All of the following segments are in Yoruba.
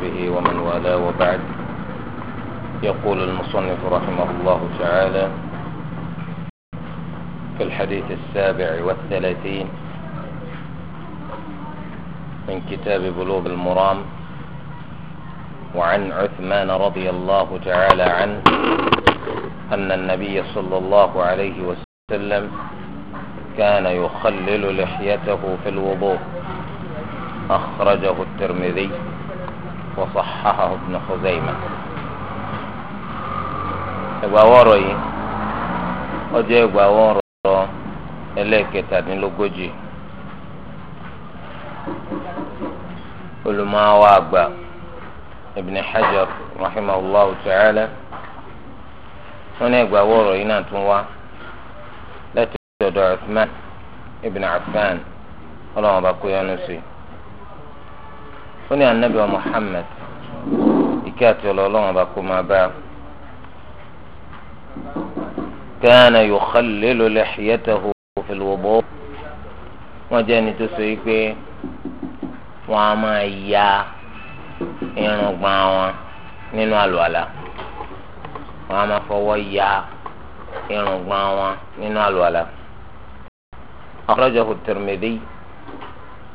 وصحبه ومن والاه وبعد يقول المصنف رحمه الله تعالى في الحديث السابع والثلاثين من كتاب بلوغ المرام وعن عثمان رضي الله تعالى عنه أن النبي صلى الله عليه وسلم كان يخلل لحيته في الوضوء أخرجه الترمذي وصححه ابن خزيمة ìgbàwọ́rọ̀ yìí ó jẹ́ ìgbàwọ́rọ̀ ẹlẹ́ẹ̀kẹtàdínlógójì olùmọ̀wá àgbà ibn hajar rahimahullahu ta'ala wọn ní ìgbàwọ́rọ̀ yìí náà tún wá láti ọ̀dọ̀ uthman ibn affan ọlọ́run ọba ó ní anabi wa Muhammad ike àti ọlọ́run ọba kó máa bá a. كان يخلل لحيته في الوضوء wọ́n jẹ́ ẹni tó sọ yìí pé wọ́n á máa ya irùngbọ̀n wọn nínú àlùwàlà wọ́n á máa fọwọ́ ya irùngbọ̀n wọn nínú àlùwàlà. أخرجه الترمذي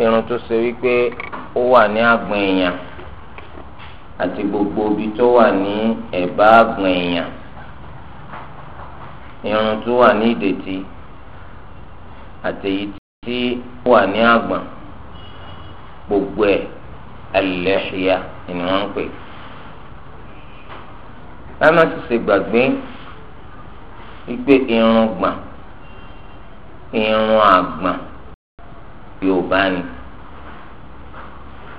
irun tó ṣe wípé ó wà ní àgbọn èèyàn àti gbogbo ibi tó wà ní ẹ̀bá àgbọn èèyàn irun tó wà ní ìdètí àti èyí tí ó wà ní àgbọn gbogbo ẹ̀ al ni wọ́n ń pè. lánàá ṣe gbàgbé wípé irun gbọ̀n irun yorùbá ni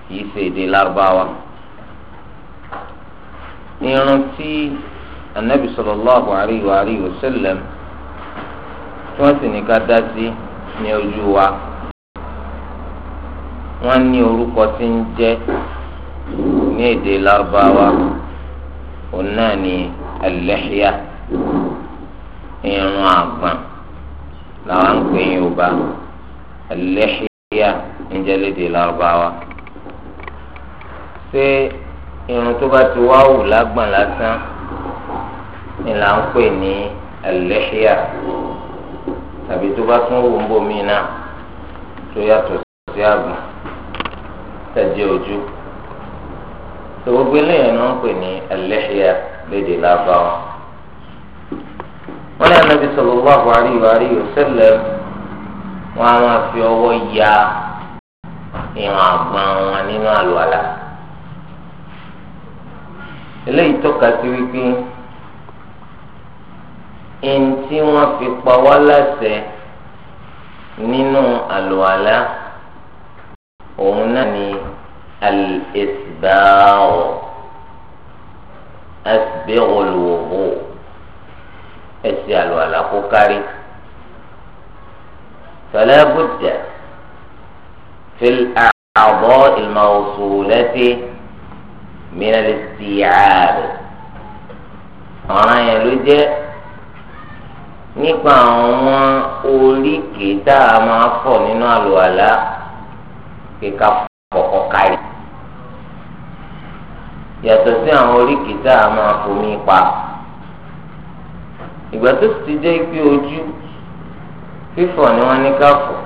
kì í ṣe èdè lárúbáwá irun tí anabi sallallahu alaihi wa alihi wasallam tí wọn sì ní ká dá sí ní ojú wa wọn ní orúkọ tí ń jẹ ní èdè lárúbáwá òun náà ní al irun àgbọn làwọn ń pè yorùbá al-lihya kíá ìjẹ́lédè lárúbáwá. ṣé irun tó bá ti wá wù lágbọ̀n lásán ni là ń pè ní ẹlẹ́ṣíà tàbí tó bá tún wù ń bomi náà tó yàtọ̀ sí àgbọ̀n tẹ̀jẹ̀ ojú. ṣé gbogbo eléyìí ni wọ́n pè ní ẹlẹ́ṣíà lédè lárúbáwá. wọ́n ní Ànábì sallallahu alaihi wa alihi wasallam wọn á máa fi ọwọ́ ya ìrìn àgbọn wọn nínú àlùwàlà eléyìí tọ́ka sí wípé ẹni tí wọ́n fi pa wá láṣẹ nínú àlùwàlà òun náà ni al-isbagh asbigh al-wudu kó kárí. فلا بد في الأعضاء الموصولة من الاستيعاب ọ̀ràn yẹn ló jẹ́ nípa àwọn oríkèé tá a máa fọ̀ nínú àlùwàlá kíka fọ̀kọ̀ kárí yàtọ̀ sí àwọn oríkèé tá a máa fomi pa ìgbà tó ti jẹ́ pé ojú. fífọ̀ ni wọ́n ní ká fọ̀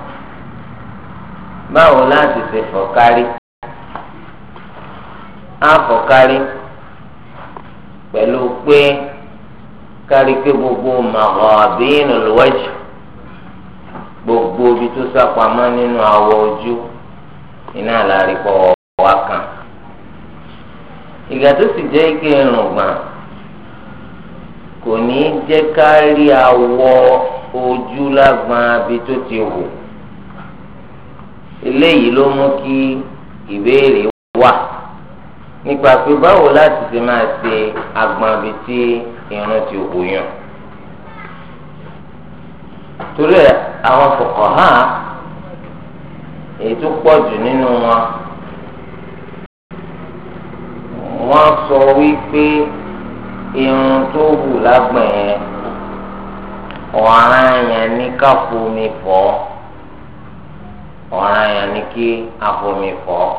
báwo láti ṣe fọ̀ kárí á fọ̀ kárí pẹ̀lú pé kárí pé gbogbo màgàbíínù lọ́wọ́jù gbogbo ibi tó sàpamọ́ nínú awọ ojú iná àlárìkọ ọ̀wá kan ìgbà tó sì jẹ́ ike irùngbọ̀n kò ní jẹ́ kárí rí ojú lágbọn abi tó ti wò eléyìí ló mú kí ìbéèrè wà nípa pé báwo láti ṣe máa ṣe agbọn abi tí irun ti wò yàn torí àwọn fuqaha èyí tó pọ̀ jù nínú wọn wọ́n sọ wípé irun tó hù lágbọ̀n yẹn ọ̀ràn yẹn ní ká fomi fọ̀ ọ̀ràn yẹn ní kí a fomi fọ̀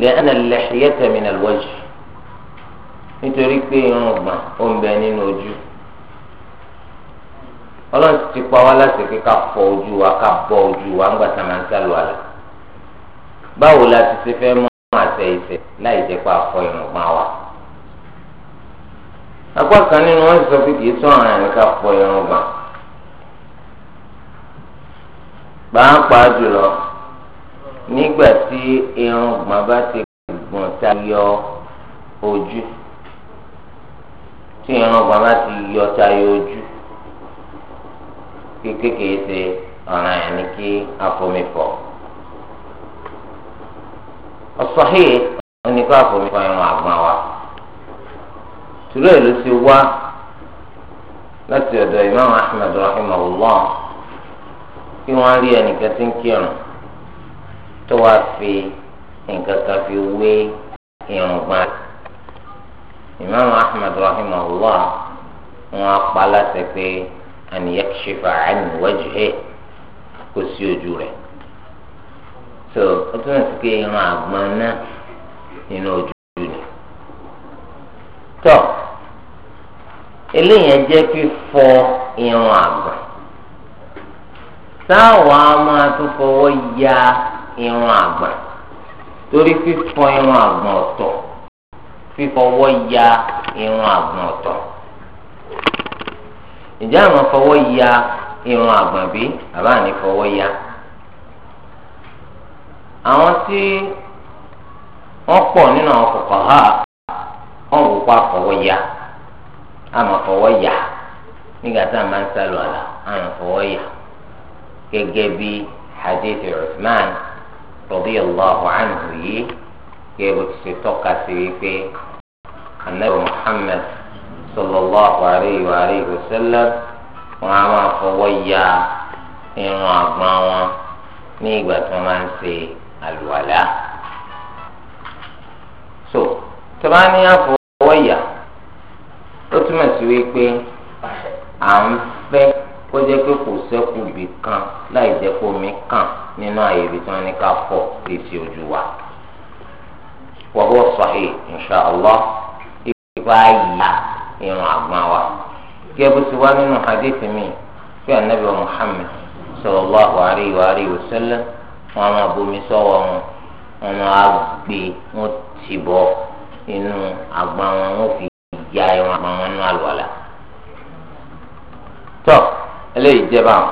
lẹ́yìn al-lihya min nítorí pé irun gbọ̀n ó ń bẹ nínú ojú ọlọ́run ti pa wá láti pé ká fọ ojú wa ká bọ ojú wa ńgbà tá a máa ń sálọ la ti ṣe fẹ́ mọ́ láì jẹ́ apá kan nínú wọn sọ pé kìí tún àwọn àyànká fọ irun gbà pàápàá jùlọ nígbà tí irun gbọ̀n bá ti gbọ̀n ta yọ ojú tí irun gbọ̀n bá ti yọ ta yọ ojú kékeré ṣe ọ̀ràn yẹn ni kí afọmifọ ọ̀sọ̀hìn oníkó afọmifọ irun àgbọ̀n wa tùrọ̀ ẹ̀ ló ti wá láti ọ̀dọ̀ imam ahmed rahimahullah kí wọ́n rí ẹnìkan tí ń kírun tó wá fi nǹkan kan fi wé irun gbọ́n rẹ̀ imam ahmed rahimahullah wọ́n apá láti pé an yakshifa an wajhihi kò sí ojú rẹ̀ tó ó túnbọ̀ sí pé irun àgbọn náà nínú ojú. tọ eléyẹn jẹ́ fọ irun àgbà táwọn a máa tún fọwọ́ ya irun àgbà torí fífọ irun àgbà ọ̀tọ̀ fífọwọ́ ya irun àgbà ọ̀tọ̀ ìjà àwọn fọwọ́ ya irun àgbà bí bàbá àní fọwọ́ ya àwọn tí wọ́n pọ̀ nínú àwọn kòkòrò ha wọn wò kó àfọwọ́ ya àmọ́ fọwọ́ ya nígbà tá a máa ń sálọ àlà àmọ́ fọwọ́ ya gẹ́gẹ́ bí hadith Uthman radiyallahu anhu yìí gẹ́gẹ́ bó ti ṣe tọ́ka sí wípé anabi Muhammad sallallahu alayhi wa alayhi wa sallam wọn a máa fọwọ́ ya irun àgbọ̀n wọn ní ìgbà tí wọ́n máa ń ṣe àlùwàlá. so tọ́ba ní àfọ ọwọ́ ìyá ó túmọ̀ sí wípé à ń fẹ́ kó jẹ́ pé kò sẹ́kù bì kan láì jẹ́ kó omi kàn nínú àyè ibi tí wọ́n ní ká wa. wa huwa insha Allah irun àgbọ̀n wa. kí ti nínú hadith mi wa Muhammad sallallahu wa alayhi wa sallam wọn máa bomi sọ́wọ́ wọn wọn inú àgbọn wọn wọn fi ya ẹwọn àgbọn wọn nú àlùwàlà tọ eléyìí jẹ báwọn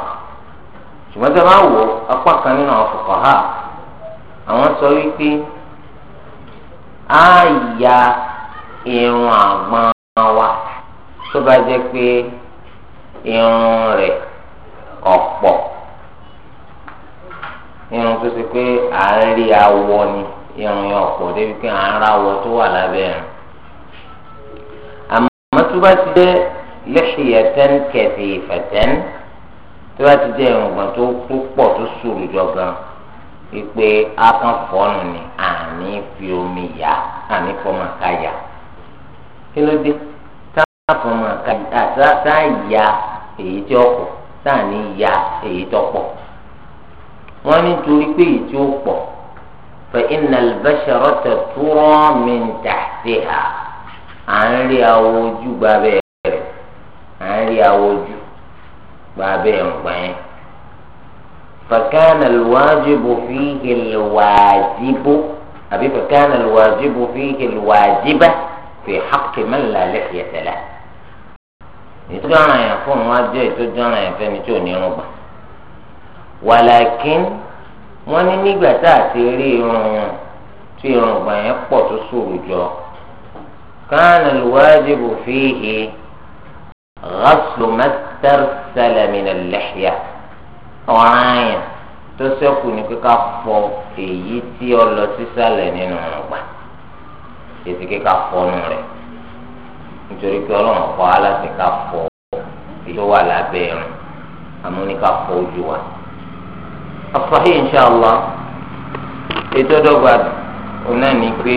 ṣùgbọ́n tí a máa wò apá kan nínú àwọn fòkàn ha àwọn sọ wípé á ya irun àgbọn wa tó bá jẹ́ pé irun rẹ̀ ọ̀pọ̀ irun tó ṣe pé à awọ ni irun yẹn ọ̀pọ̀ débi pé à ń ra wọ tó wà lábẹ́ rẹ̀ àmọ́ tó bá ti jẹ́ lẹ́sìyẹ̀tẹ́n kẹ̀sì ìfẹ̀tẹ́n tó bá ti jẹ́ irùngbọ̀n tó púpọ̀ tó sùúrù jọ gan wípé akàn fọ́nù ni àní fi omi yá àní fọmọ ká yá kí ló dé táà fọmọ ká yá táà yá èyí tí ó pọ̀ ní yá èyí tó pọ̀ wọ́n ní pé èyí tí ó pọ̀. فإن البشرة ترى من تحتها à ń rí awọ ojú gbàbẹ́ rẹ̀ à ń rí awọ ojú gbàbẹ́ nǹkan yẹn. فكان الواجب فيه الواجب أبي فكان الواجب فيه الواجبة في حق من لا لحية له ìtọ́jú ọ̀ràn yẹn fún wọn jẹ́ ìtọ́jú ọ̀ràn yẹn fẹ́ni tí ò ní irun gbà wàlàkín wọ́n ní nígbà tá a ti rí irun wọn tí irun ọgbà yẹn pọ̀ tó ṣòro jọ kánà lùwájibù fíhì ghaslu mẹtẹrẹsẹlẹ mìíràn lẹ́yà ọ̀ràn yẹn tó ṣẹ́kù ní kíkà fọ èyí tí ó lọ sísàlẹ̀ nínú ọgbà èsì kíkà fọnù rẹ̀ nítorí pé ọlọ́run ọ̀pọ̀ aláṣẹ ká fọ èyí tó wà lábẹ́ irun àmúníkà fọ ojú wa as-sahih inshallah ètò dọ́gba ọ̀nà ni pé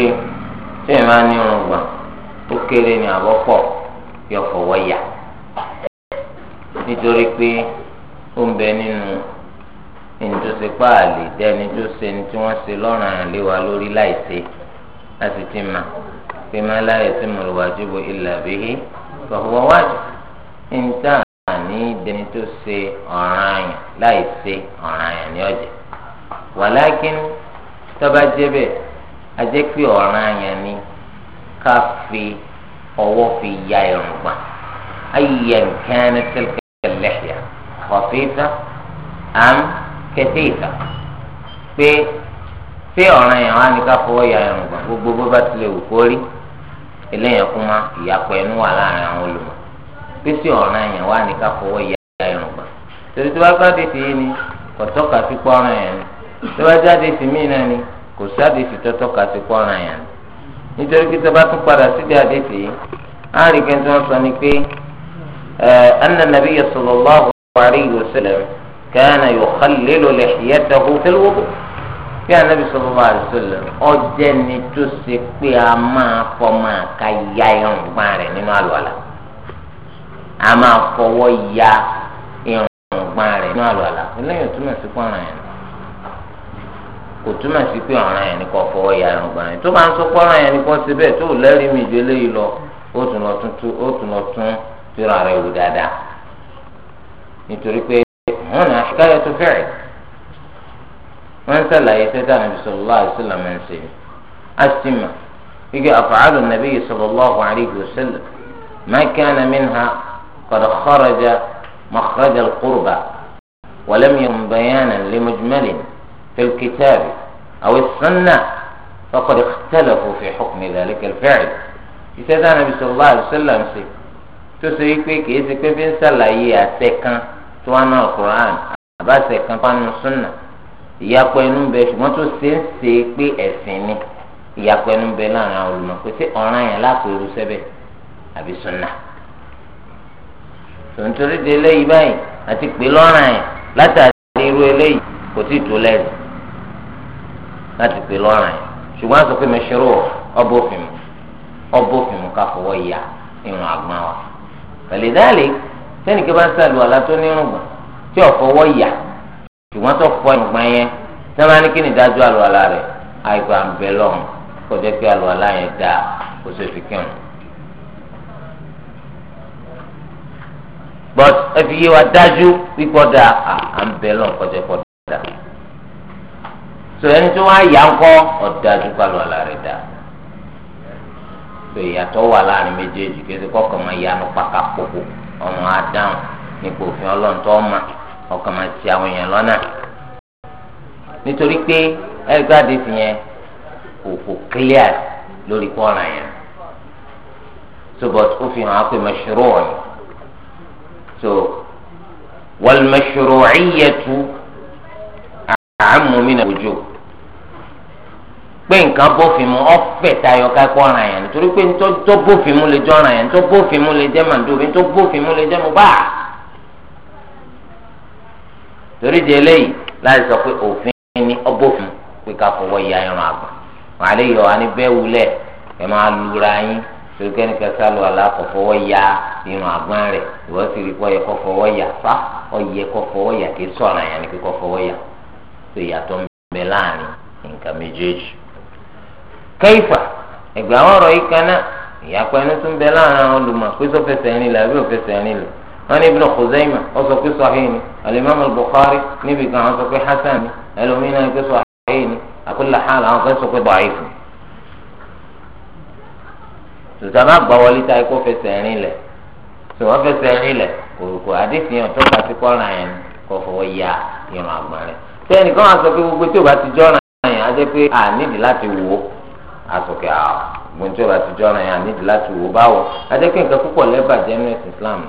tí ẹ̀ máa ní irun gbà ó kéré ní àbọ̀pọ̀ yọ fọwọ́ yà nítorí pé ó ń bẹ nínú ìdúnṣepá àlè dẹ́ni tó ṣe ní tí wọ́n ṣe lọ́rùn àlè lórí láìsí láti ti mà pé má la yatimul wajibu illa bihi fa huwa wajib níta àní dẹni tó ṣe ọ̀ràn àyàn láì ṣe ọ̀ràn àyàn ní ọ̀jẹ̀ wàlákin tọ́ba jẹ́bẹ̀ ajẹ́ pé ọ̀ràn àyàn ni ká fi ọwọ́ fi ya irun gbà ayé nǹkan ní tẹ́lẹ̀ lẹ́yà kọ̀fíìtà àm kẹtíìtà pé pé ọ̀ràn àyàn wá ní ká fọwọ́ ya irun gbogbo bó bá tilẹ̀ wù kórí eléyàn kúmá ìyàpọ̀ ẹnu wà láàrin àwọn olùmọ̀ pèsè ọ̀ràn yẹn wà ní ká fọwọ́ ya irun gbà torí tó bá jáde tì yé ni kò tọ́ka sí pọ́nrán yẹn ni tó bá jáde tì mí náà ni kò sáde tì tọ́ tọ́ka sí pọ́nrán yẹn ni nítorí pé tó bá tún padà síbi àdé tì yé á rí kí n tó ń sọ ni pé anna nabiyya sallallahu alayhi wa sallam kana yukhallilu lihyatahu fil wudu bí anabi sallallahu alayhi wa sallam ọjẹ ni tó ṣe pé a máa fọ máa ka ya irun gbà rẹ nínú àlùwàlá. a máa fọwọ́ ya irùngbọ̀n rẹ̀ nínú àlọ́ àlà eléyìí túmọ̀ sí pé ọ̀ràn yẹn kò túmọ̀ sí pé ọ̀ràn yẹn kò fọwọ́ ya irùngbọ̀n rẹ̀ tó bá ń sọ pé ọ̀ràn yẹn kò lẹ́rìí mi ìdílé yìí lọ ó tún lọ tún wò dáadáa nítorí pé wọn tó fẹ́rẹ̀ sàlàyé sẹ́tà nàbì قد خرج مخرج القربى ولم يكن بيانا لمجمل في الكتاب أو السنة فقد اختلفوا في حكم ذلك الفعل ìṣẹ́dá nàbì sọ̀rọ̀ àlùsọ̀là ń ṣe tó ṣe wípé kìí ṣe pé fi ń ṣàlàyé àṣẹ kan tó wà náà Qur'an àbáṣẹ kan fánu súnà ìyapọ̀ ẹnu bẹ ṣùgbọ́n tó ṣe ń ṣe pé ẹ̀sìn ni ìyapọ̀ ẹnu bẹ láàrin àwọn olùmọ̀ pé ṣé ọ̀ràn yẹn lápò irú sẹ́bẹ̀ àbí súnà. tòǹtòrí di eléyìí báyìí àti pè lọ́ràn yẹn látàrí irú eléyìí kò tí tó lẹ́rìí láti pè lọ́ràn yẹn ṣùgbọ́n àti pé mẹṣẹ́rọ̀ ọbọ̀ òfin mu ya irun àgbọn wa pẹ̀lú dáàlì sẹ́nìkẹ́ bá ń sàlùwà látó nírùngbọ̀n tí ò ya ṣùgbọ́n tó fọ ìgbọ̀n yẹn tí ní kí ni dájú àlùwàlá rẹ̀ àìgbà ń bẹ lọ́run kọjá pé àlùwàlá yẹn fi kírun. but ẹfi yé wa dájú pípọ̀ da à ń pọ̀ da so ẹni tó wá yà ń ọ̀dájú pálọ̀ àlá rẹ̀ dá so ìyàtọ̀ wà láàrin méjèèjì kí ẹ ti kọ́kọ́ máa yanu pàkà kókó ọmọ adáhùn nípa òfin ọmọ ọkàn máa ti àwọn èèyàn lọ́nà nítorí pé ẹgbàdì fi yẹn kò kò clear lórí so but ó fi hàn á so wàlmẹsùrùcíyẹtù pé nǹkan bófin mu tayọ yẹn nítorí pé bófin mu lè jọ yẹn ntọ́ bófin mu lè jẹ́ màdùbí ntọ́ bófin mu lè jẹ́ a torí di eléyìí láti sọ pé ni pé ká fọwọ́ ya tòlùkẹ́ nìkan sálọ àlá kò fọwọ́ ya irun àgbọ̀n rẹ̀ ìwọ́n sì rí kọ́yẹ kó fọwọ́ ya fa ọyẹ kó fọwọ́ ya kì í sọ̀rọ̀ àyàn ní kí kó fọwọ́ ya tó ìyàtọ̀ ń bẹ láàrin nǹkan méjèèjì. kẹ́yìfà ẹ̀gbẹ́ àwọn ọ̀rọ̀ yìí kan náà ìyàpẹ́ inú tún bẹ láàrin àwọn olùmọ̀ pé sọ fẹsẹ̀ rìn lẹ̀ àbí ò fẹsẹ̀ rìn lẹ̀ wọ́n ní Ibn Khuzaimah ó sọ pé sahih ni al-Imam al-Bukhari níbi kan wọ́n sọ hasan ni ẹlòmíràn pé sahih ni àkúlẹ̀ tòtà má gbà wọlé tá ikú fẹsẹ̀ rìn lẹ̀ tó wọ́n fẹsẹ̀ rìn lẹ̀ kòkò àdéfihàn tó bá ti kọ́ ra yẹn kò fọwọ́ ya irun àgbọ̀n rẹ̀ sẹ́ni kan sọ pé gbogbo tí o bá ti jọ́ra yẹn á jẹ́ pé a nídi láti wò ó àsòkè àwọn ah, gbogbo tí o bá ti jọ́ra yẹn a nídi láti wò ó báwọ̀ á jẹ́ pé nǹkan púpọ̀ lẹ́bàjẹ́ nínú Islam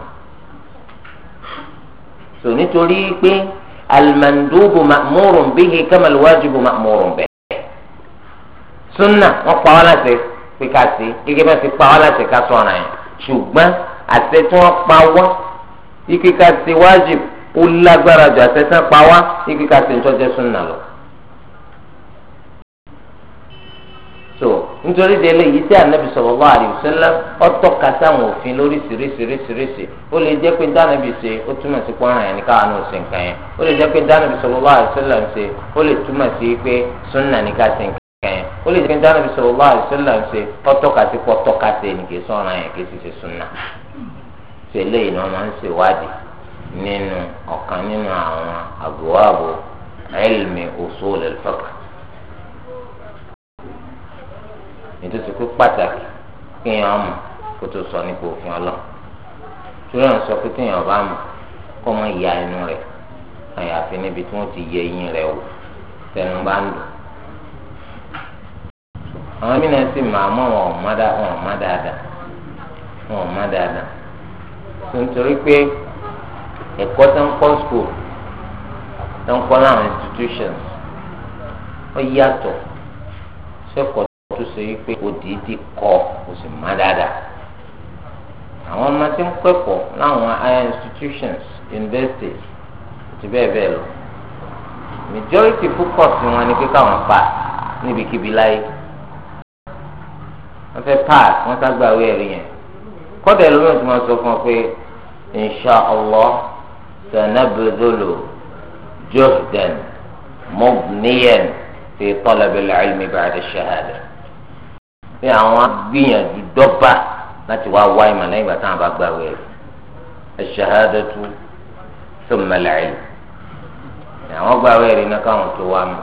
so nítorí pé alimandubu ma'murun bihi kamal wajibu ma'murun bẹ́ẹ̀ pé ká sí gẹ́gẹ́ bá ti pa wá láti ká sọ̀ràn yẹn ṣùgbọ́n àṣẹ tí wọ́n pa wá ike ká ṣe wájib ó lágbára jù tí wọ́n pa wá ká lọ. so nítorí délé yìí tí anabi sallallahu alaihi wasallam ó sáwọn òfin lóríṣiríṣiríṣiríṣi ó lè jẹ́ pé dánàbì ṣe ó túmọ̀ sí pọ́nrán yẹn ní káwọn náà ṣe nǹkan yẹn ó lè jẹ́ pé dánàbì ṣe ó lè túmọ̀ sí pé kẹyìn ó lè jẹ́ kí dáná bí sallallahu alaihi wasallam ṣe ọtọ́kasí pọ̀ tọ́kasí ẹnì kìí sọ̀rọ̀ yẹn kìí sì ṣe súnà ṣe léyìn náà máa ń ṣèwádìí nínú ọ̀kan nínú àwọn àbúwàbò ilmi usul al-fiqh nítorí pé pàtàkì kéèyàn mọ̀ kó tó sọ nípa òfin ọlọ́ torí àwọn sọ pé kéèyàn bá mọ̀ kó mọ̀ ìyá inú rẹ̀ àyàfi níbi tí wọ́n ti yẹ eyín rẹ̀ wò tẹnu bá ń dùn. àwọn mìíràn sì máa mọ wọn ọmọ dáadáa wọn ọmọ dáadáa pé tó ń school tó ń kọ́ láwọn institutions ó yàtọ̀ sẹ́kọ̀ọ́ tó ṣe wípé òdìdí kọ́ kò sì má dáadáa àwọn ọmọ tí ń kẹ́kọ̀ọ́ láwọn higher institutions universities àti bẹ́ẹ̀ bẹ́ẹ̀ majority wọn ni pé káwọn pa níbikíbi láyé. Like wọ́n fẹ́ pass wọ́n ságbà wí ẹ̀rí yẹn kọ́dà ẹlòmíràn tí wọ́n sọ fún ọ pé insha allah sanabdulu juhdan mubniyan fi talab al-ilmi ba'da ash-shahada pé àwọn gbìyànjú dọ́gba láti wá wá ìmọ̀ lẹ́yìn ìgbà táwọn bá gbà wí ẹ̀rí ash-shahadatu thumma al-ilm àwọn gbà wí ẹ̀rí náà káwọn tó wá mọ̀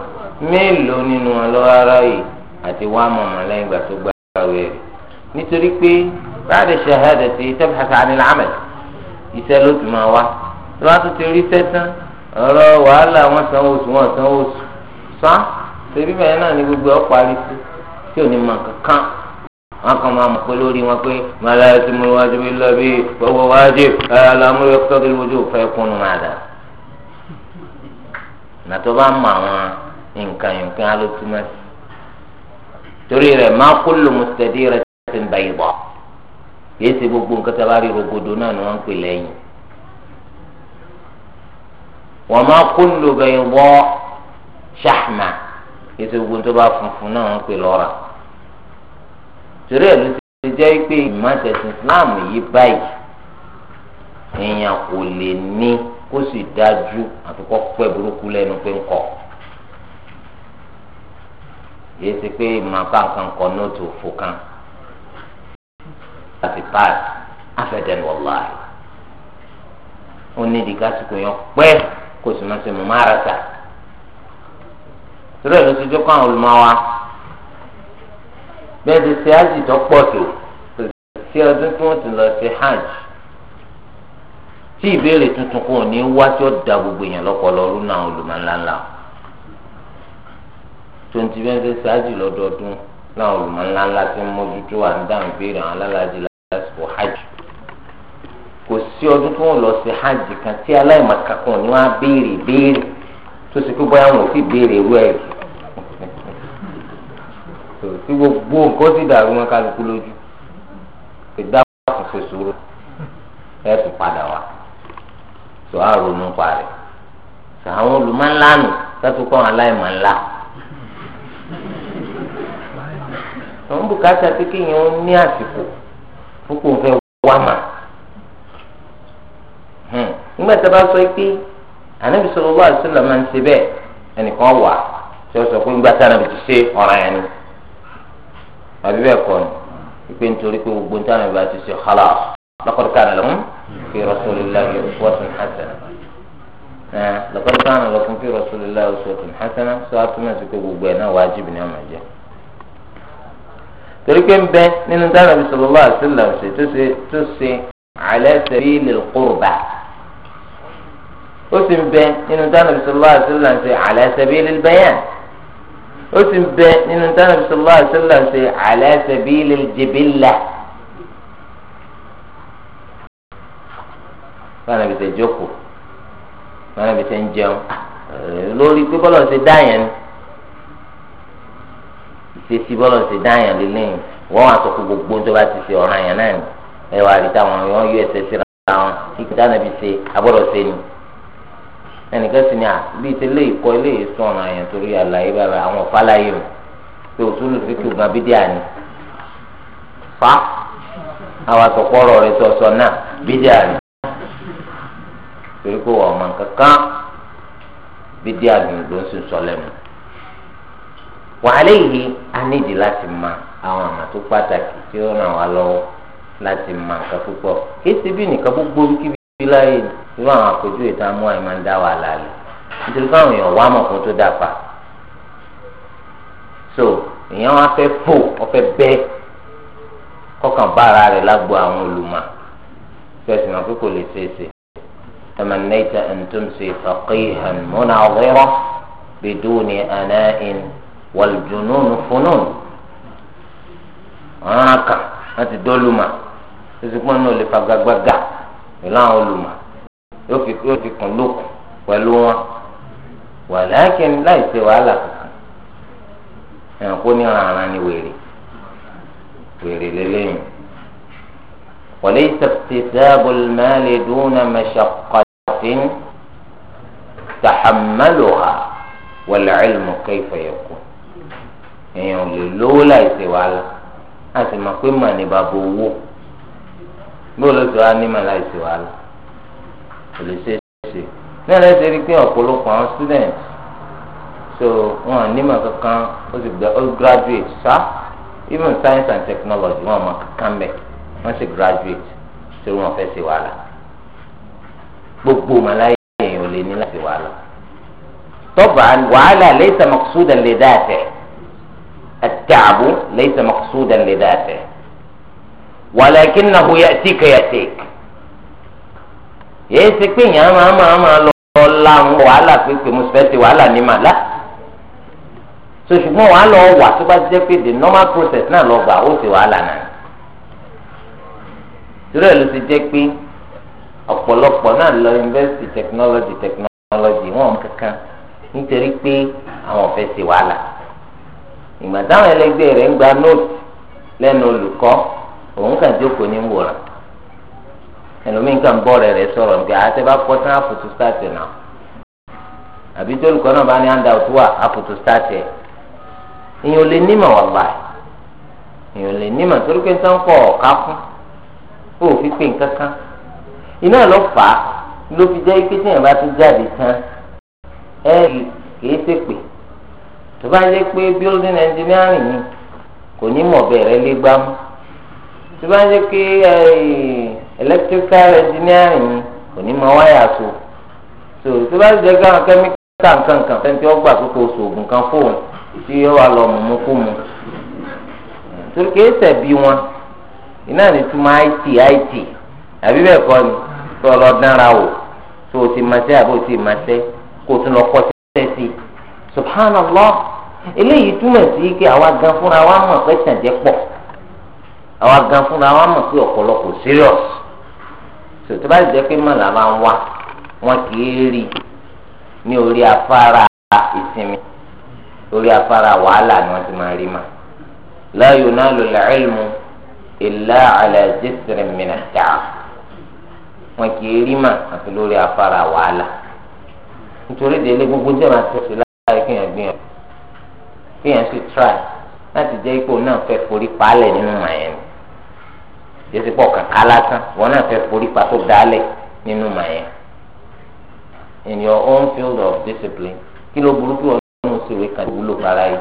mélòó nínú wọn ara yìí àti wá mọ̀ mọ̀ lẹ́yìn ìgbà kàwé nítorí pé báyìí ṣahada ti tabhas anil amal iṣẹ́ ló ti máa wá tí wọ́n tún ti rí sẹ́tán ọ̀rọ̀ wàhálà wọn sanwó oṣù wọn sanwó oṣù sá ṣèbí bẹ́ẹ̀ náà ni gbogbo ọ̀ parí sí tí ò ní mọ kankan wọn kàn máa mọ̀ pé lórí wọn pé màláyà tí mo wájú mi lọ bí gbogbo wájú alámúlò tọ́jú lójú fẹ́ kúnnú máa dà nàtọ́ bá mọ àwọn nǹkan yìí torí rẹ̀ má kullu mustadiratin bayda kìí ṣe gbogbo nǹkan tí a bá rí rogodo náà ni wọ́n ń pè lẹ́yìn wa ma kullu bayda shahma kìí ṣe gbogbo tó bá funfun náà wọ́n ń pè lọ́ra torí ẹ̀ ló ti jẹ́ pé ìmọ̀tẹ̀sìn Islam yìí báyìí èèyàn kò lè ní kó sì dájú àti pẹ́ burúkú lẹ́nu pé ń kọ́ yìí ti pé ìmọ̀ọ́ká kan kọ nóòtù òfò kan láti pass afẹ́dẹ́nu wàláì ó ní ìdíkásíkò yẹn pẹ́ kó sì máa ṣe mọ̀ máa rẹ̀ ta torí ẹ̀ ló ti jókòó àwọn olùmọ̀wá bẹ́ẹ̀ ti ṣe ájì tó pọ̀ tó sí ọdún tí wọ́n ti lọ ṣe hajj tí ìbéèrè tuntun kò ní wá tí ó da gbogbo èèyàn lọ́pọ̀lọ́ ọdún náà olùmọ̀ ńláńlá o. tonti bẹ́ẹ̀ ṣe ṣáájú lọ́dọọdún náà olùmọ̀ ńlá ńlá ti ń mójútó à ń dáhùn ìbéèrè hajj kò sí ọdún tó ń lọ sí hajj kan tí ala ni wọ́n á béèrè béèrè tó ṣe pé bóyá wọn béèrè irú ẹ̀ tí gbogbo nǹkan ti dàrú wọn kálukú lójú sòrò tún padà wá àwọn olùmọ̀ ńlá nù sátúkọ̀ àwọn bùkátà pé kéèyàn ó ní àsìkò púpọ̀ fẹ́ wá mà hmm. nígbà tí a bá sọ pé ànábì sallallahu alaihi wasallam máa ń ṣe bẹ́ẹ̀ ẹnìkan wà tí ó sọ pé nígbà tí ànábì ti ṣe ọ̀ràn yẹn ni àbí bẹ́ẹ̀ kọ́ ni ìpè nítorí pé gbogbo nítorí ànábì ti ṣe khalaq laqad kana lahum fi rasulillahi uswatun hasanah laqad kana lahum fi rasulillahi uswatun hasanah sọ àtúmọ̀ sí pé gbogbo ẹ̀ náà wájibì torí pé ń bẹ nínú dáná bí sọlọ́lá àṣìlá ọ̀sẹ̀ tó ṣe alẹ́ sẹ́rí lè kóòbá ó sì ń bẹ nínú dáná bí sọlọ́lá àṣìlá ṣe alẹ́ sẹ́rí lè bẹ́yà ó sì ń bẹ nínú dáná bí sọlọ́lá àṣìlá ṣe alẹ́ sẹ́rí lè jìbìlà. báwọn àbí tẹ jókòó báwọn àbí tẹ ń jẹun lórí pé bọ́lá ṣe dá ni. ìṣesí bọ́lọ̀ ti dá àyàn lélẹ́yìn wọ́n wá sọ pé gbogbo tó bá ti ṣe ọ̀ràn àyàn náà ni ẹ wà rí táwọn yọ yọ ẹsẹ̀ síra wọn kíkì dáná bí ṣe abọ́dọ̀ ṣe ni ẹnìkan sì ni à bí ti lé ìkọ ilé ìsọ ọ̀ràn àyàn torí àlàyé bàbá àwọn ọ̀fàlàyé mi pé òṣùlù fi kí ògùn abídíà ni fa àwọn àtọ̀kọ́rọ̀ rẹ sọ̀sọ̀ náà bídíà ni torí pé wọ́n ọ̀mọ̀ kankan bídíà ni ló ń sùn sọ lẹ́nu wàhálà yìí a nídìí láti mọ àwọn àmà tó pàtàkì tí ó ràn wá lọ́wọ́ láti mọ nǹkan púpọ̀ kí síbí nìkan gbogbo kíbi láyé irú àwọn àpèjúwe tá a mú àyè máa ń dá wàhálà lẹ̀ nítorí káwọn èèyàn wá mọ̀ fún tó dàpà so èèyàn wá fẹ́ fò ọfẹ́ bẹ́ kọkàn bára rẹ̀ lágbo àwọn olùmọ̀ fẹsẹ̀ náà pé kò lè fèsì tamannaita an tumsi faqihan munadhira biduni ana'in wàlùjùnúnù fúnùn àwọn akà láti dọ́lùmà tó ti pọ́n náà lè fagagbága pẹ̀lú àwọn olùmà yóò fi yóò fi kàn lókun pẹ̀lú wọn wàlákìn láì ṣe wàhálà kankan ẹ̀hàn kó ní ara ni wèrè wèrè lélẹ́yìn wàlẹ́ ìtàkìtàbọ̀ mẹ́lẹ̀ dúnà mẹ́ṣàkàtìn tàhàmẹ́lòhà wàlẹ́ ẹ̀lmù kẹ́fẹ̀yẹ̀kùn èèyàn ò lè lówó láì ṣe wàhálà a sì mọ̀ pé mà ní bàbá owó bó ló ti wá ní mà láì ṣe wàhálà kò lè ṣe é ṣe náà lẹ́sẹ̀ rí pé ọ̀pọ̀lọpọ̀ àwọn student so wọn ní kankan ó sì gbẹ ó graduate sá even science and technology wọn mọ kankan bẹ wọn sì graduate so wọn fẹ́ ṣe wàhálà gbogbo màláyé èèyàn ò lè ní láti ṣe wàhálà tọ́ba wàhálà lẹ́sẹ̀ mọ̀kúsúdà lè dá àtẹ̀. التعب ليس مقصودا لذاته ولكنه يأتيك يأتيك yéé ṣe pé yàn máa máa máa lọ la wàhálà pípé mùsùlùmí wàhálà ní mà lá so ṣùgbọ́n wàá lọ wà tó bá jẹ́ pé the normal process náà lọ gbà ó ṣe wàhálà náà ìrẹ́ ló ti jẹ́ pé ọ̀pọ̀lọpọ̀ náà lọ invest technology technology wọn kankan nítorí pé àwọn fẹ́ ṣe wàhálà ìgbà táwọn ẹlẹgbẹ́ rẹ̀ ń gba nóòtù lẹ́nu olùkọ́ òun kàn jókòó ní wòrán ẹlòmíín kan bọ́ rẹ̀ rẹ̀ sọ̀rọ̀ nígbà àti bá kọ́ tán àfùtù sítáàtì náà àbí tó olùkọ́ náà bá ní àǹdà òtún wà àfùtù sítáàtì ẹ̀ ìyẹn ò lè nímọ̀ wà báyìí ìyẹn ò lè nímọ̀ torí pé nǹkan kọ̀ ọ̀ká fún ó fi pé nǹkan kan iná ló fà á ló fi jẹ́ pé tí èèyàn bá tún jáde tán ẹ̀ẹ́dì kì í ṣèpè tó bá yẹ pé building engineering ni kò ní mọ̀ bẹ̀rẹ̀ lé gbámú tó bá yẹ pé eh, electrical engineering ni kò ní mọ̀ wáyà so so tó bá yẹ káwọn kẹ́míkà nkankan fẹ́ntì ọgbà kókó oṣoògùn kan fóun tí ó wà lọ mọ̀mú kú mu torí kìí sẹ̀bi wọn iná ní túmọ̀ IT IT àbí bẹ́ẹ̀ kọ́ ni tó lọ dára wò tó o ti máa ṣe àbí o ti máa ṣe kó o tún lọ kọ́ sẹ́sì subhanallah eléyìí túmọ̀ sí pé àwa gan fúnra wa mọ̀ pé tàǹjẹ́ pọ̀ àwa gan fúnra wa mọ̀ pé ọ̀pọ̀lọpọ̀ serious tòtò bá jẹ́ pé mọ̀lá máa ń wá wọn kì í rí ní orí afárá ìsinmi orí afárá wàhálà ni wọ́n ti máa rí ma la yunalu al-ilmu illa ala jisrin min wọn kì í rí ma àti lórí afárá wàhálà nítorí délé gbogbo jẹ́ máa tẹ̀sí láì kí yẹn gbìyànjú kí yẹn sì try láti jẹ́ ipò náà fẹ́ forí paálẹ̀ nínú màyẹn ni pọ̀ kàkà lásán wọn náà fẹ́ forí pa tó dálẹ̀ nínú màyẹn in your own field of discipline kí ló burú kí wọn náà mú síwèé kan wúlò para yìí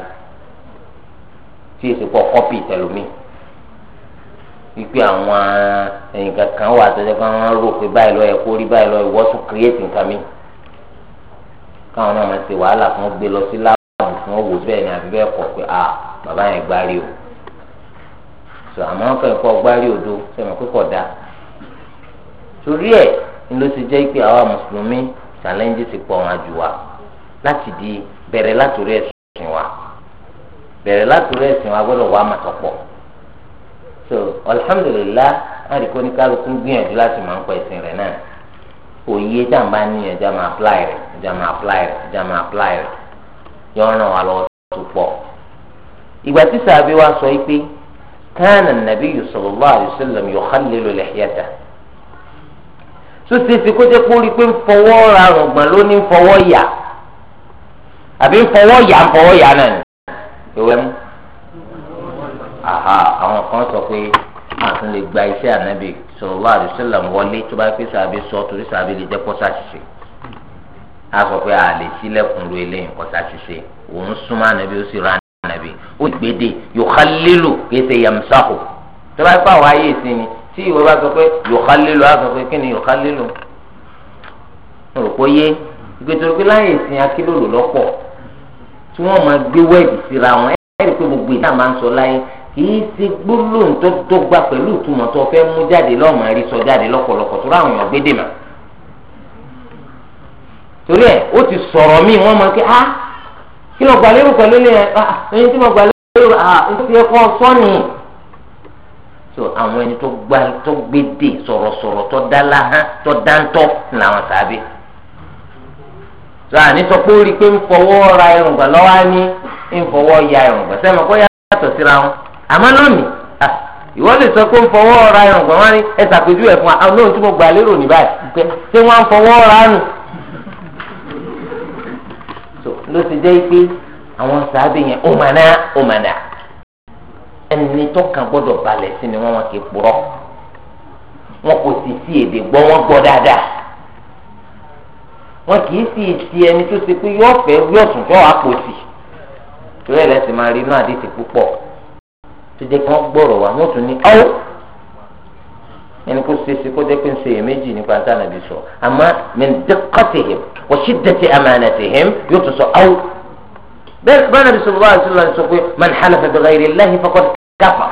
tí yẹsi pọ̀ kọ́pì tẹlómi wípé àwọn ẹ̀yìn kankan wà tó jẹ́ pé wọ́n rò pé báyìí lọ́ọ́ yẹ kó báyìí lọ́ọ́ yẹ wọ́n tún create nǹkan mìíràn káwọn náà máa ṣe wàhálà fún gbé lọ sí láwọn tí wọ́n wò bẹ́ẹ̀ ni àbí bẹ́ẹ̀ kọ̀ pé a bàbá yẹn gbárí o sọ àmọ́ kẹ́kọ̀ọ́ gbárí odò sẹ́mi kíkọ̀ dá torí ẹ̀ ni ló ti jẹ́ pé àwa mùsùlùmí challenge ti pọ̀ wọn jù wa láti di bẹ̀rẹ̀ látòrí ẹ̀sìn wa bẹ̀rẹ̀ látòrí ẹ̀sìn wa gbọ́dọ̀ wà màtọ̀pọ̀ so alhamdulillah àdìkọ́ ní kálukú gbìyànjú láti máa ń pa ẹ̀sìn rẹ̀ náà òye tá à ń bá ní ẹja máa apply rẹ̀ ẹja máa apply rẹ̀ ẹja máa apply rẹ̀ yọ ràn wá lọ́wọ́ tó pọ̀. ìgbà tí sàbí wa sọ pé káànà nàbí sallallahu alaihi wasallam yukhallilu lihyata sósèsè kó jẹ́ kó rí i pé fọwọ́ ra rùngbọ̀n ló fọwọ́ yà àbí fọwọ́ yà fọwọ́ yà náà ìwé mu àwọn kan sọ pé àtún lè gba iṣẹ́ ànábì sallallahu alaihi wasallam wọlé tó bá pé sàbí sọ torí sàbí lè jẹ́ kọ́sà ṣiṣẹ́ a sọ pé a lè sílẹ̀kùn lu eléyìí kọ́sà ṣiṣẹ́ òun súnmọ́ ànábì ó sì ra ànábì ó gbédè yòókàlélò kéṣe yamsahu tó bá pé àwọn ayé ìsinmi tí ìwé bá sọ pé yòókàlélò á sọ pé kí ni yòókàlélò mo rò pé yé ìgbésẹ̀ pé láyé ìsìn akílòlò lọ́pọ̀ tí wọ́n máa gbé wẹ́ẹ̀dì síra wọn ẹ̀rí kìí ṣe gbólóhùn tó dọ́gba pẹ̀lú ìtumọ̀ tó fẹ́ mú jáde lọ́mọ rí sọ jáde lọ́pọ̀lọpọ̀ tó ráwọn èèyàn gbédè mà. torí ẹ ó ti sọ̀rọ̀ míì wọ́n máa ń ké a kí ah, lọ gbà lérò pẹ̀lú ní ẹ ẹyin tí mo gbà lérò à ń fi ẹkọ sọ́ọ̀nì. tó àwọn ẹni tó gbá tó gbédè sọ̀rọ̀sọ̀rọ̀ tó dá láhán tó dáńtọ́ làwọn tàbí. tó sọ pé ó rí i pé ń fọwọ́ ra irùngbọ̀n lọ́wọ́ á ní ń ya irùngbọ̀n sẹ́mi àmọ́ lónìí ah, ìwọ lè sọ pé ń fọwọ́ ra irun gbọ̀n wá ní ẹ ṣàpèjúwe fún wa àwọn ah, ohun tí mo gbà lérò ní báyìí pé ah, ṣé wọ́n á ń fọwọ́ ra nù. ló ti jẹ́ pé àwọn sàábì yẹn ó mànà ó mànà ẹni tó kàn gbọ́dọ̀ balẹ̀ sí ni wọ́n wọn kì í purọ́ wọn kò sì sí èdè gbọ́ wọn gbọ́ dáadáa wọn kì í sì ti ẹni tó ṣe pé yóò fẹ́ yóò tún fẹ́ wàá pòsì torí máa rí inú àdìsí púpọ̀ tó jẹ́ kí wọ́n gbọ́rọ̀ wá wọ́n tún ní ọ́ ẹni kó ṣeéṣe kó jẹ́ pé ń ṣe èméjì nípa àtànàbí sọ àmọ́ min diqqatihim wa shiddati amanatihim yóò tún sọ ọ́ bẹ́ẹ̀ bá nàbí sallallahu alaihi wasallam sọ pé man halafa bi ghayri llahi faqad kafar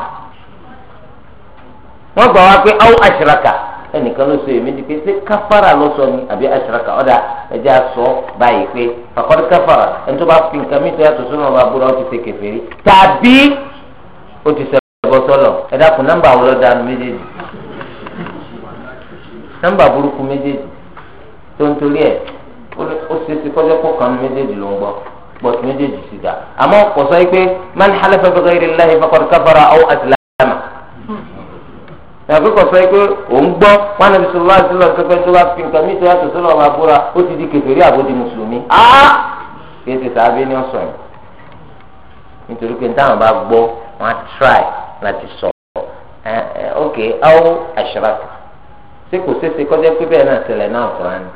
wọ́n gbà wá pé ọ́ ashraka ẹnìkan ló sọ èméjì pé ṣé káfàrà ló sọ ni àbí ashraka ọ̀dà ẹjẹ́ sọ báyìí pé faqad kafara ẹni tó bá fi nǹkan mìíràn yàtọ̀ sọ́nà ó ti sẹ ẹbọ sọlọ ẹ dákun nọ́mbà wo lọ dànù méjèèjì nọ́mbà burúkú méjèèjì tó ń torí ẹ ó ṣe ti kọjá kó kan méjèèjì ló ń gbọ́ bọt méjèèjì sì dá àmọ́ kò sọ pé man halafa bi ghayri llahi faqad kafara aw aslama yàtọ̀ kò sọ pé òun gbọ́ wọn nàbí sọlá sílọ sọpẹ́ tó bá fi nǹkan mi tó yàtọ̀ sọlọ búra ó ti di kèfèrí àbó di mùsùlùmí á kí ẹ ti sàábé ní ọ̀sán yìí nítorí pé táwọn bá gbọ́ wọn á try láti sọ ẹ ẹ ok awo àṣíraka ṣé kò ṣeéṣe kọjá pé bẹ́ẹ̀ náà ṣẹlẹ̀ náà tó wá ní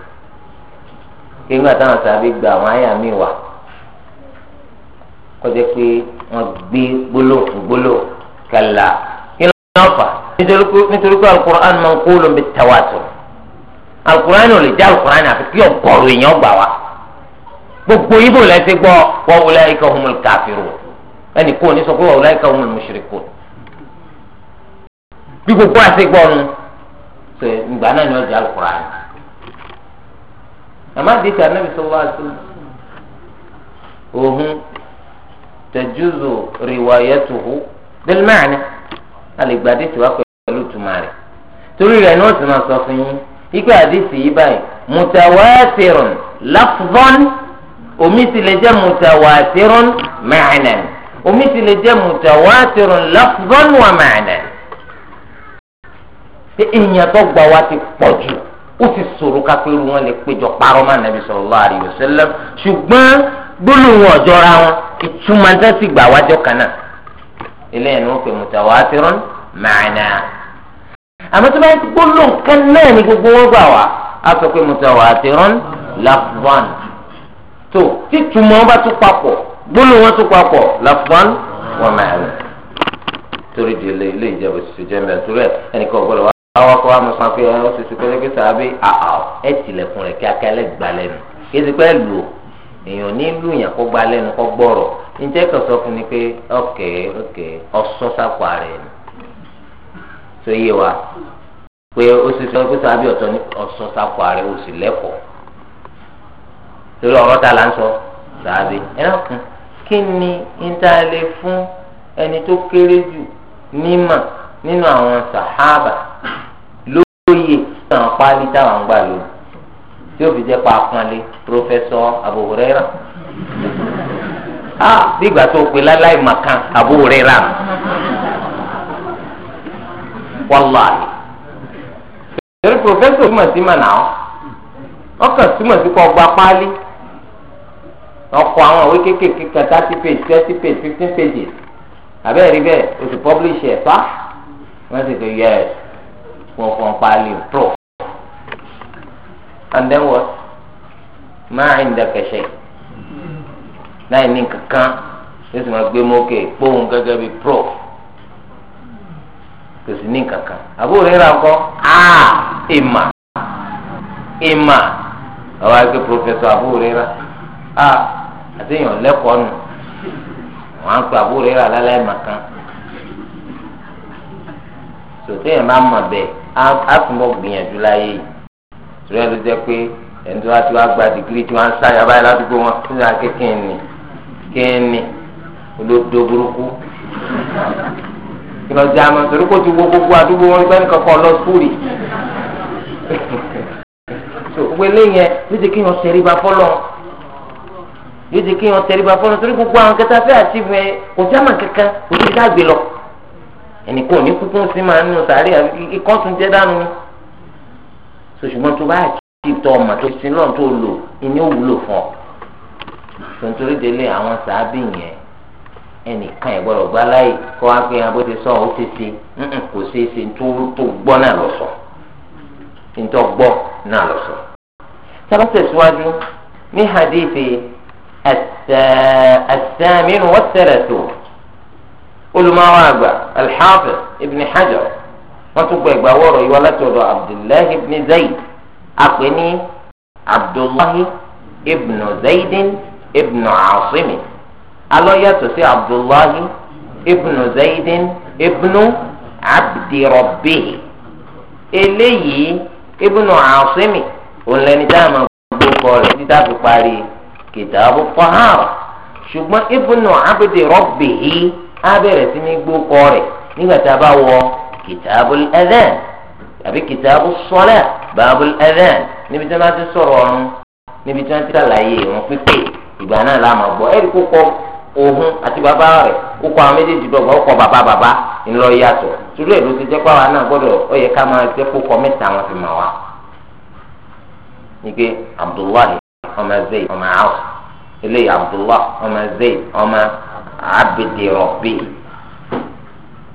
kí nígbà táwọn sábẹ́ gba àwọn àyà mi wà kọjá pé wọ́n gbé gbólóhùn gbólóhùn kàlà kí ló ń náà fà nítorí pé alukur'an máa ń kó ló ń bẹ tawatur alukur'an ò lè dá alukur'an àfi kí ọ̀gọ̀rọ̀ èèyàn gbà wá gbogbo ibo lẹ́sẹ̀ gbọ́ wa ulaika humul kafirun ẹnì kó ní sọ pé wàhùn láìka òun mushrikun bí gbogbo àti gbọ́nu ṣe ìgbà náà ni ọjà al-Qur'an àmọ́ àdìsí anábì sallallahu alaihi wasallam òhun tajuzu riwayatuhu bil ma'na alìgbà àdìsí wa pẹ̀lú tùmọ̀ rẹ̀ torí rẹ̀ ni wọ́n ti máa sọ fún yín ikú àdìsí yìí báyìí mutawatirun lafzan omi sì lè jẹ́ mutawatirun ma'nan omi sì lè jẹ́ mutawatirun lafzan wa ma'na pé èèyàn tó gbà wá ti pọ̀ jù ó sì ṣòro kápẹ́ irú wọn lè péjọ parọ́ mọ́ nàbí sallallahu alaihi wasallam ṣùgbọ́n gbólóhùn ọ̀jọ́ra wọn ìtumọ̀ dá sì gbà wájọ́ kan náà eléyìí ni wọ́n pè mutawatirun ma'na àmọ́ tó bá yẹ gbólóhùn kan náà ni gbogbo wọn gbà wá a sọ pé mutawatirun lafzan tó títúmọ̀ wọn bá tún papọ̀ gbólóhùn wọn tún papọ̀ làfọ́n wọn máa rẹ̀ torí di ilé ilé ìjẹun ṣiṣẹ́ jẹ́ mẹ́rin torí ẹ̀ ẹnìkan ọ̀gbọ́dọ̀ wá àwọn akọ amọ̀sán pé ẹ ó ṣiṣẹ́ pẹ́ẹ́lẹ́ pé sàábì àà ẹ̀ tilẹ̀kùn rẹ̀ kíákíá lẹ́gbàá lẹ́nu kí ẹ ti pẹ́ lù ó èèyàn ní lù yàn kó gba lẹ́nu kó gbọ́rọ̀ njẹ́ kan sọ fún ni pé ọ̀kẹ́ ọ̀kẹ́ ọ̀sọ́ sápò ara ẹ̀ ni tó yé wa pé ó ṣiṣẹ́ pé sàábì ọ̀tọ̀ ní ọ̀sọ́ sápò ara ẹ̀ sì lẹ́kọ̀ọ́ torí ọ̀rọ̀ ta là ń sọ sàábì ẹ̀ náà kún kí ni níta lè fún ẹni tó kéré jù nímọ̀ nínú àwọn sàhábà lóye àwọn páálí táwọn gbà lónìí tí ó fi jẹ́ pa apanlé pírọfẹ́sọ Abu Huraira ah bí ìgbà tó pe láláì màkàn Abu Huraira wàláhì torí pírọfẹ́sọ túmọ̀ sí mọ̀ náà ọkàn túmọ̀ sí kọ́ gba páálí. wọ́n kọ àwọn ìwé kéékèèké kan thirty page twenty page fifteen pages àbẹ́ẹ̀ rí bẹ́ẹ̀ o sì publish ẹ̀ fa wọ́n sì fi yẹ wọ́n fọ́n paálí pro and then what máa ń dàkẹ́sẹ̀ láì ní kankan yóò sì máa gbé mókè kpóhùn gẹ́gẹ́ bí pro kò sì ní kankan àbúrò rẹ̀ rà kọ́ aa ìmà ìmà àwọn akẹ́ pòfẹ́sọ̀ àbúrò rẹ̀ rà aa àti èèyàn lẹ́kọ̀ọ́ nù wọn á gba àbúrò rà lálẹ́ màkàn sòtẹ́ yẹn máa mọ̀ bẹ́ẹ̀ á túnbọ̀ gbìyànjú láyé yìí sọ́yà ló jẹ́ pé ẹni tó wá ti wá gba dìgírì tí wọ́n á sáyà báyìí ládùúgbò wọn kí ni akékèké ni kí ni olódó burúkú kí lọ jẹ́ àmọ́ torí kò ti wo gbogbo àdúgbò wọn gbẹ́ni kankan lọ sùúrì so gbogbo eléyẹn ló jẹ́ kí wọ́n ṣe rí ba fọ́lọ́ yóò ti kí wọn tẹríba fọlọ torí gbogbo àwọn kẹta fẹ àti ìfẹ kò jámà kankan kò sí dágbé lọ ẹnì kan ò ní kúkú sí máa nù sàárè àbí ikọ́ tún jẹ́ dànù sòṣùgbọ́n tó bá àti ìtọ́ ọmọ tó sin lọ́n tó lò ìní òwúlò fún ọ tontorí délé àwọn sàábì yẹn ẹnìkan ẹ̀ gbọ́dọ̀ gbá láyè kọ́ wá pé abó ti sọ ó ti ṣe kò ṣe é ṣe tó gbọ́ náà lọ sọ tó gbọ́ náà lọ sọ. sábà tẹ̀síwájú ní hadithi. الثامن والثلاثون olùmọ̀wá àgbà alḥafiz ibn hajar wọ́n tún gba ìgbà wọ́ọ̀rọ̀ yìí wá láti ọ̀dọ̀ abdullahi ibn zayd àpè ní abdullahi ibn zaydin ibn asimi alọ́yàtọ̀ sí abdullahi ibn zaydin ibn abdirọ̀bì eléyìí ibn asimi òun lẹni dáhùn gbogbo rẹ̀ títí tá a fi parí kìtàbù fọ́hárà ṣùgbọ́n ibùnà abdi rabbihi á bẹ̀rẹ̀ sí ní gbókọ rẹ̀ nígbà tá a bá wọ kìtàbù adhan àbí kìtàbù sọ́lẹ̀ bàbù adhan níbi tí wọ́n ti sọ̀rọ̀ ọ̀run níbi tí wọ́n ti sàlàyé ìrun pípé ìgbà náà la máa gbọ́ ẹ̀rí kó kọ ohun àti bàbá rẹ̀ ó kọ àwọn méjèèjì dọ́gba ó kọ bàbá bàbá ńlọ yàtọ̀ torí ẹ̀ ló ti jẹ́ pé náà gbọ́dọ̀ ó yẹ ká máa jẹ́ kó mẹ́ta wọn fi mà wá. ní pé Abdullahi ọmọ zayd ọmọ aw eléyìí abdullah ọmọ zayd ọmọ abdi rabbi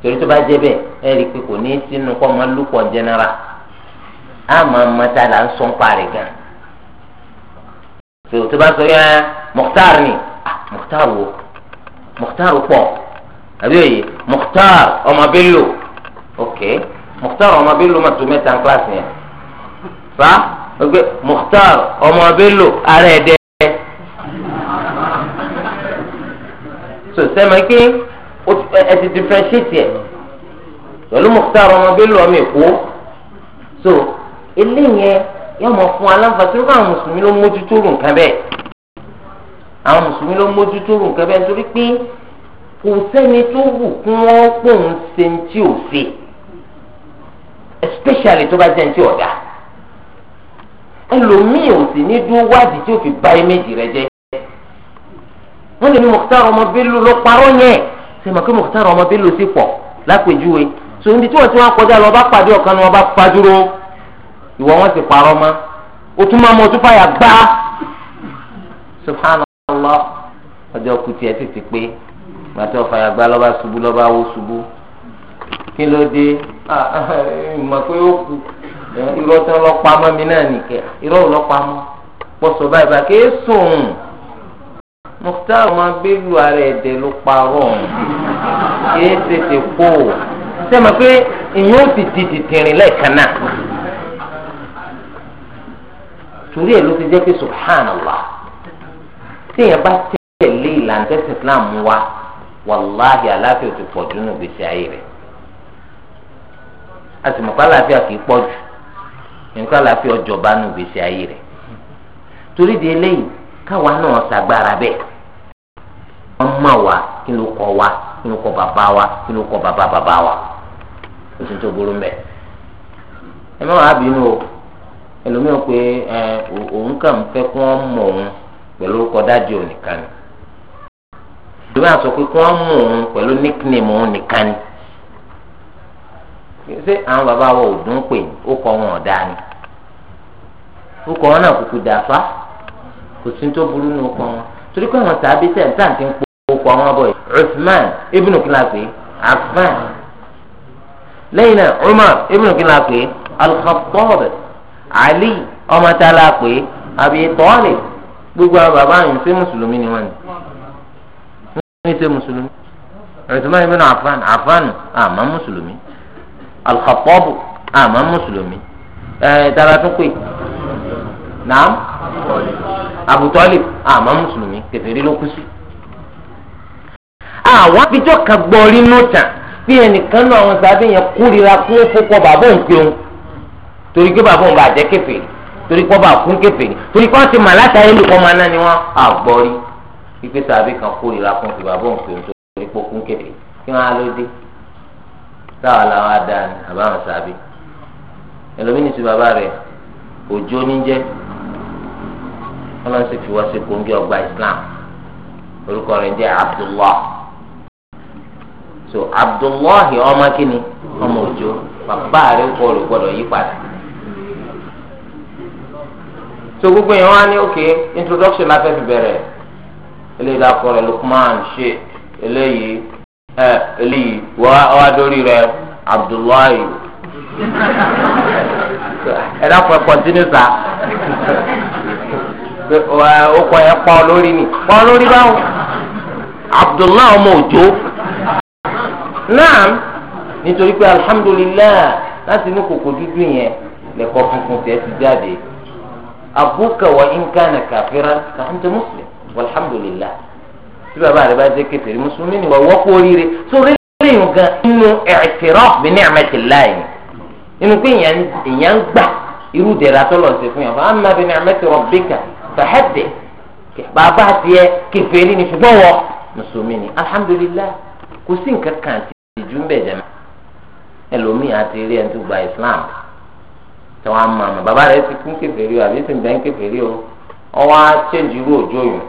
torí tó bá jẹ bẹ́ẹ̀ ẹ rí i pé kò ní í sínú kọ́ ọmọ lúpọ̀ jẹnara àmọ́ mọ́tà là ń sọ ń parí gan tó tó bá sọ yẹn mukhtar ni ah, mukhtar wo mukhtar pọ̀ àbí òye mukhtar ọmọ bello ok mukhtar ọmọ bello ma tó mẹ́ta ń kíláàsì yẹn fa ọgbẹ Mukhtar ọmọ Bello ara ẹdẹ. so sẹ́mi pé ẹ ti differentiate ẹ̀ pẹ̀lú Mukhtar ọmọ Bello ọmọ Èkó so eléyẹn yóò mọ fún aláǹfààní lókè àwọn mùsùlùmí ló mójútó rò nǹkan bẹ́ẹ̀ àwọn mùsùlùmí ló mójútó rò nǹkan bẹ́ẹ̀ torí pé kò sẹ́ni tó wù kí wọ́n pòun ṣe ní tí ò ṣe especially tó bá jẹ́ ní tí ọ̀dà ẹlòmíì ò sì ní dúró wádìí tí ó fi bà méjì rẹ̀ jẹ́ wọ́n lè ní mọ̀kítàrọ̀ ọmọ bélú ló parọ́ yẹn ṣe mọ̀ kí mọ̀kítàrọ̀ ọmọ bélú sì pọ̀ lápèjúwe so ibi tí wọ́n ti wá kọjá lọ bá pàdé ọ̀kan ni wọ́n bá pa dúró ìwọ wọn sì parọ́ mọ́ o tún máa mọ tún fàyà gbá subhanallah ọjọ́ kù tiẹ̀ sì ti pé gbàtí wọ́n fàyà gbá lọ́ba ṣubú lọ́ba wó ṣubú kí ló dé ah, ìmọ̀ pé ó kú irọ́ tí wọ́n lọ pamọ́ mi náà nìkẹ́ irọ́ ò lọ pamọ́ pọ̀sọ̀ báyìí bá kéé sùn Mukhtar máa gbẹ́lu ara ẹ̀dẹ̀ ló parọ́ tètè kó o sẹ́mi pé ìyẹn ò ti lẹ́ẹ̀kan náà torí ẹ̀ ló ti jẹ́ pé subhanallah bá Islam wa aláfẹ́ nù gbèsè ayé rẹ̀ nǹkan àlàáfíà ọjọba nù gbèsè ayé rẹ torí di eléyìí káwa náà ṣàgbára bẹ́ẹ̀ wa kí ló wa oṣù tó burú mẹ́ ẹ má wàá bínú o ẹlòmíràn pé òun kàn fẹ́ kí wọ́n mọ̀ òun pẹ̀lú orúkọ òun nìkan ni sọ pé ṣé àwọn bàbá wa ò dún pè ní ó kọ wọn ọ̀dà ni ó kọ wọn náà kúkú dàfa kò sí tó burú ní ó kọ wọn torí pé àwọn tàbí tẹ̀ ní tàǹtí ń pò ó kọ wọn bọ̀ Uthman ibn kilape Affan lẹ́yìn náà Umar ibn kilape Al-Khattab Ali ọmọ tá a la pè é Abi Talib gbogbo àwọn bàbá yìí ṣé mùsùlùmí ni wọ́n ní ní ṣe mùsùlùmí Uthman ibn Affan Affan àmọ́ mùsùlùmí alxapọ́bù àmọ́ mùsùlùmí ẹ̀ tara tún pè naam abutọ́lì àmọ́ mùsùlùmí kẹfẹ́rí ló kú sí. àwọn abijọ́ kan gbọ́ orí nùtà bí ẹnìkan náà àwọn sábẹ́ yẹn kórira kún fúnpọ̀ bàbá òun pé òun torí pé bàbá òun bàjẹ́ kẹfẹ́rí torí pé ọba àkún kẹfẹ́rí torí pé wọ́n ti mà látàrí olùkọ́ máa ná ni wọ́n àgbọ̀rí pípẹ́ sábẹ́ kan kórira kún fún bàbá òun torí pé òkún kẹfẹ́rí kí wọ́n á ló dé táwa làwọn adá ni àbáwọn sábì ẹlòmíní sí bàbá rẹ òjò níjẹ ọlọ́run sì fi wá sí kóńgé ọgbà islam orúkọ rẹ jẹ abdullah so Abdullah ọmọ kínní ọmọ òjò bàbá rẹ kọ rẹ gbọ́dọ̀ yí padà so gbogbo yẹn wá ní òkè introduction la fẹ́ fi bẹ̀rẹ̀ eléyìí dákọ̀ rẹ lukman sheikh eléyìí. ẹ eléyìí wọ́n wá rẹ Abdullahi ẹ dákun ẹ kọ́ntínú ó kọ ẹ pọ́ lórí ni pọ́ lórí báwo Abdullahi ọmọ òjò náà nítorí pé alihamudulilayi láti inú kòkò dúdú yẹn lẹ́kọ́ funfun tẹ́ ti jáde abuka wa in kafira ka muslim walhamdulilayi. tí bàbá rẹ bá jẹ́ kèfèrí mùsùlùmí ni wọ́n wọ́pọ̀ oríire tó rí lẹ́yìn gan nínú ẹ̀ẹ́tìrọ́ọ̀f bí ní àmẹ́tìláì nínú pé èèyàn ń gbà irú dẹ̀ra tọ́lọ̀ ṣe fún yàn fún àmà bí ní àmẹ́tìrọ́ọ̀f bíkà fàhẹ́dẹ̀ bàbá tiẹ̀ kèfèrí ni ṣùgbọ́n wọ mùsùlùmí ni alhamdulillah kò sí nǹkan kan ti ju ń bẹ̀ jẹ́ mọ́ ẹlòmíì àti rí ẹni tó gba Islam tí wọ́n á mọ̀ bàbá rẹ̀ ti kún kèfèrí o àbí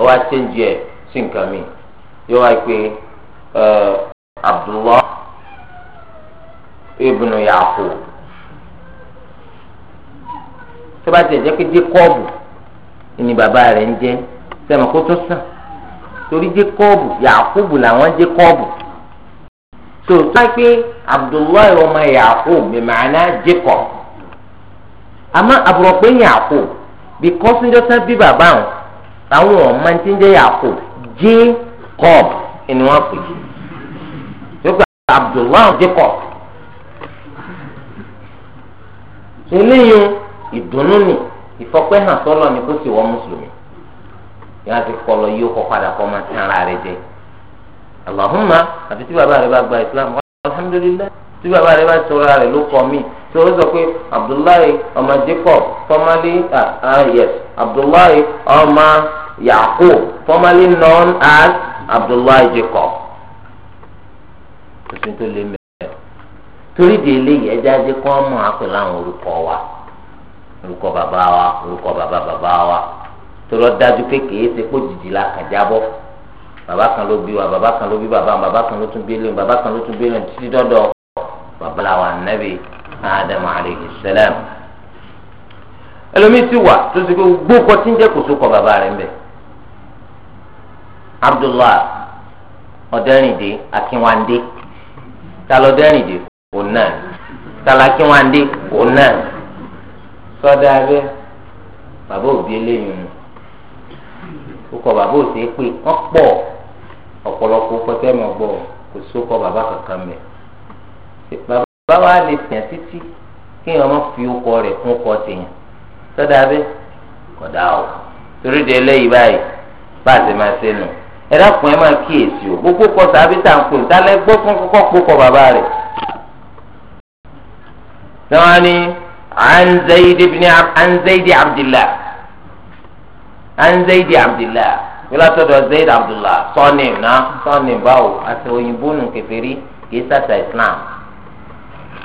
ó wá ṣéǹjì ẹ̀ sí nǹkan mi yóò wá pé Abdullah ibn Yaqub tó bá tiẹ̀ jẹ́ pé Jacob ni bàbá rẹ̀ ń jẹ́ sẹ́mi kó tó sàn torí Jacob Yaqub làwọn Jacob tó tó wá pé Abdullah ọmọ Yaqub bi ma'ana Jacob àmọ́ àbúrò pé Yaqub bí kọ́síńdọ́sán bí bàbá àwọn àwọn ọmọ tí ń jẹ́ yàkó jacob ni wọ́n pè é pé abdullahi jacob eléyìí ìdùnnú ni ìfọpẹ́hàn sọ́lọ́ ni kó sì wọ́n mùsùlùmí yàrá ti kọ́ lọ yíyó kọ́ padà kọ́ máa tán ara rẹ jẹ alahuma àfi tí bàbá rẹ bá gba islam alhamdulilayi tí bàbá rẹ bá sọra rẹ ló kọ́ mi tí o sọ pé abdullahi ọmọ jacob formerly ah, ah yes abdullahi ọmọ yaqub formerly known as abdullahi jacob tuntun tó lé mẹ́rin torí de eléyìí ẹja jẹ́ kó ọmọ àpèlè àwọn orúkọ wa orúkọ bàbá wa orúkọ bàbá bàbá wa torí ó dájú pé kìí ṣe kó jìjì la kàn jábọ́ bàbá kan ló bí wa bàbá kan ló bí bàbá bàbá kan ló tún bí lóyún bàbá kan ló tún bí lóyún títí dọ́dọ̀ bàbá wa nàbì ádámù alayhi salam ẹlòmíì sì wà tó ti gbó kọ tí ń jẹ́ kò sókọ bàbá rẹ̀ ń bẹ̀ Abdullah ọ̀dẹ́rìndé Akínwándé talọ̀dẹ́rìndé òun náà talakínwándé òun náà sọ́dọ̀ abẹ́ bàbá òbí eléyìí nù ó kọ bàbá òsè pé wọ́n pọ̀ ọ̀pọ̀lọpọ̀ pẹ́tẹ́mọ̀ gbọ́ kò sókọ bàbá kankan mẹ́ bàbá wa lè fìyàn títí kéèyàn má fi ó kọ fún kọ tèèyàn sọ́dà bí kọ̀dà o torí de eléyìí báyìí bá a ti máa ṣe nù ẹ dákun ẹ máa kíyèsí o gbogbo kọ tàbí tà ń pè tálẹ́ gbọ́ fún kọ́kọ́ kó kọ bàbá rẹ̀. sọ́wọ́n ni anzayidi bin anzayidi abdillah anzayidi abdillah wíwá tọ́dọ̀ zayid abdullah sọ́ọ̀nìm náà sọ́ọ̀nìm báwo àti òyìnbó nù kẹfẹ́rí kì sàṣà islam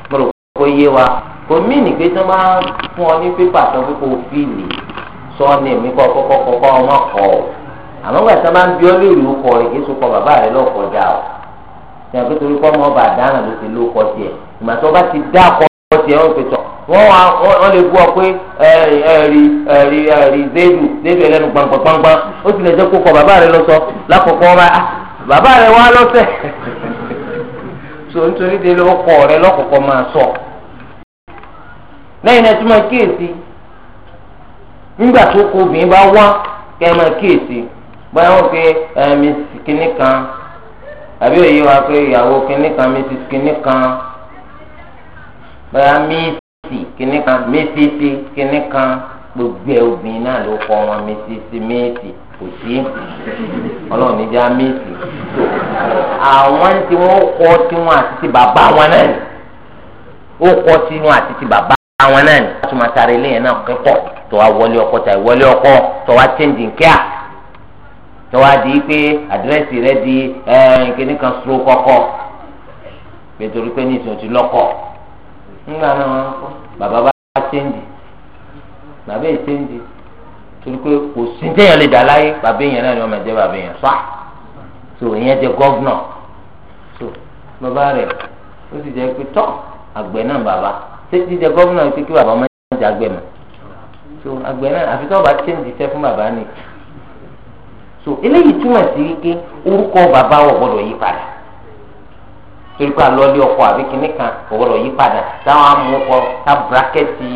mo rò pé ó yé wa kò mí nìgbé tó máa fún ọ ní pépà tó fi kó fíìlì sọ́ọ̀nì mi kọ́ kọ́kọ́ kọ́kọ́ ọmọ kọ́ ọ àmọ́ gbà tí wọ́n máa ń bí ọ léèrè ó kọ rẹ̀ kí sọ kọ bàbá rẹ̀ lọ́ọ̀ kọjá o ṣe àpé torí kọ́ ọmọ ọba àdáhà ló ti ló kọ tiẹ̀ ìgbà tó bá ti dá kọ tiẹ̀ wọ́n fi tọ̀ wọ́n wá wọ́n lè bú ọ pé ẹ̀rì ẹ̀rì ẹ̀rì zéèdù zéèdù ẹlẹ́nu gbangbangbangban ó ti lè jẹ́ kó kọ bàbá rẹ̀ lọ sọ lákòókò ọba ah, bàbá rẹ̀ wá lọ́sẹ̀ so nítorí délé ó kọ rẹ̀ lọ́kọ̀ọ̀kọ̀ máa sọ. So. lẹ́yìn náà tí máa kíyèsí nígbà tó kó obìnrin bá wá kẹ́ ẹ máa kíyèsí báyà wọ́n pe ẹ̀mí kínní kan àbí òye wa pé ìyàwó kínní kan mrs kínní kan báyà mísì kínní kan mísìsì kínní kan gbogbo ẹ obìnrin náà ló kọ wọn mísìsì mísì kò sí ọlọ́run àwọn tí wọ́n kọ́ àti ti bàbá wọn náà ó kọ́ àti ti bàbá. àwọn náà ni wọ́n tún máa sáré ilé yẹn náà kẹ́kọ̀ọ́ tó wá wọlé ọkọ tàbí ọkọ tó wá chẹ́ǹdì kíá tó wá di pé àdírẹ́sì rẹ di kíní kan sọ kọ́kọ́ nítorí pé ní ti lọ́kọ̀ nígbà náà wọn kọ́ bàbá bá chẹ́ǹdì bàbá yìí chẹ́ǹdì torí pé kò sí téèyàn lè dà láyé bàbá yẹn náà ni wọ́n ṣé jíjẹ gómìnà ti kí bàbá ọmọ yẹn jẹ àgbẹ̀ mọ́ so àgbẹ̀ náà àfi tó bá change iṣẹ́ fún bàbá ni so eléyìí túmọ̀ sí wípé orúkọ bàbá wọ̀ gbọ́dọ̀ yí padà torí pé alọ́lé ọkọ àbí kinní kan kò gbọ́dọ̀ yí padà táwọn amúkọ tá bírákẹ́tì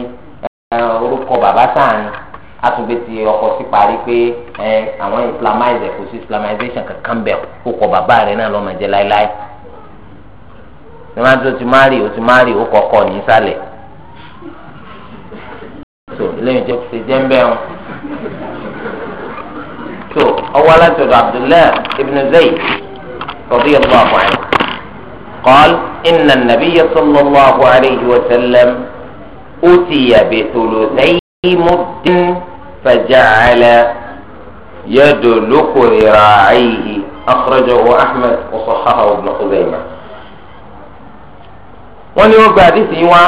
orúkọ bàbá sáàrin àtúgbé ti ọkọ sí parí pé àwọn islamize kò sí islamization kankan bẹ̀ kó kọ bàbá rẹ̀ náà lọ́mọ jẹ́ láéláé. tẹ́lá tó ti má rí o ti má rí o kọ̀ọ̀kọ̀ ní sálẹ̀ tó lẹ́yìn tó ti jẹ́ ń bẹ́ wọn. tó ọwọ́ láti ọ̀dọ̀ abdullahi ibn zayi ẹnna nàbí yẹ zayd radiyallahu anhu qal inna nabiyya sallallahu alayhi wa sallam utiya bi thuluthayi muddin faja'ala yadluku rira'ihi akhrajahu ahmad wa ọgbọn ibn khuzaimah. wọ́n ní wọ́n gba àdìsí wa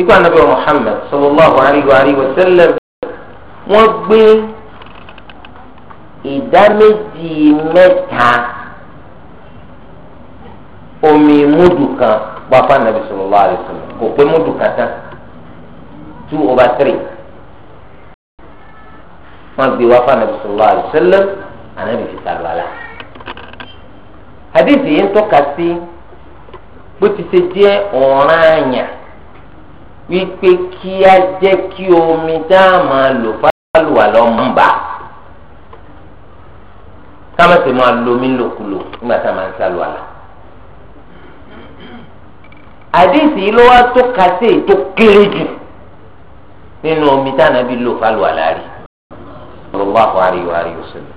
ikú anabi muhammed sallallahu alayhi wa sallam wọ́n gbé ìdá méjì mẹ́ta omi múdù kan wá fún anabi sallallahu alayhi wa sallam kò pé múdù kan tán two over three wọ́n gbé wá fún anabi sallallahu alayhi wa sallam anabi fi sàlùwàlà àdìsí yìí ń tọ́ka sí bó ti ṣe jẹ́ ọ̀ràn àyàn wípé kí á jẹ́ kí omi dá máa lò fáluwà lọ́mọ ń bà ká má sì máa lo omi lòkulò nígbà tá a máa ń sálùwà lọ. àdéhìsì yìí ló wá tó kásẹ̀ tó kéré jù nínú omi tá a nàbí lò fáluwà láàrin. sallallahu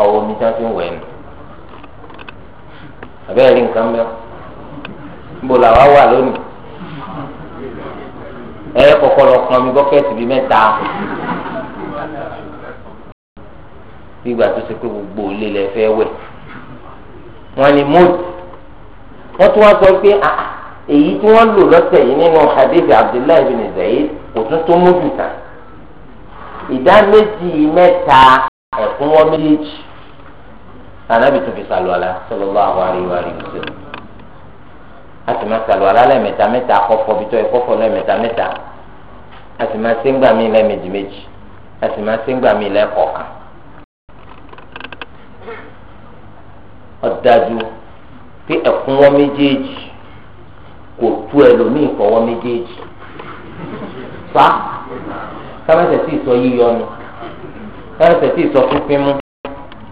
àwọn omi tí wọ́n fi ń wẹ̀ nù àbẹ́rẹ́ rí nǹkan mẹ́wọ́ níbo làwa wà lónìí ẹ kọ́kọ́ lọ pọn mi bọ́kẹ́tì bíi mẹ́ta bí ìgbà tó ṣe pé gbogbo ilé lẹ fẹ́ wẹ̀ wọ́n ní mood wọ́n tún wá sọ pé ah, ah, èyí tí wọ́n lò lọ́sẹ̀ yìí nínú hadith abdullahi bin zayd kò tún tó mood tán ìdá méjì mẹ́ta ẹ̀kún wọn méjèèjì anabi tún fi sàlùwàlà sallallahu alaihi wa sallam a sì máa sàlùwàlà lẹ́ẹ̀mẹ́ta mẹ́ta kọ́fọ́ bí tó yẹ kọ́fọ́ lẹ́ẹ̀mẹ́ta mẹ́ta a sì máa séngbà mí lẹ́ẹ̀mejì méjì a sì máa séngbà mí lẹ́ẹ̀kọ̀ọ̀kan. ọ̀dájú pé ẹ̀kúnwọ́ méjèèjì kò tú ẹlòmíì fọwọ́ méjèèjì fa kámẹ́sẹ̀ sọ yíyọnu kámẹ́sẹ̀ sọ pínpín mú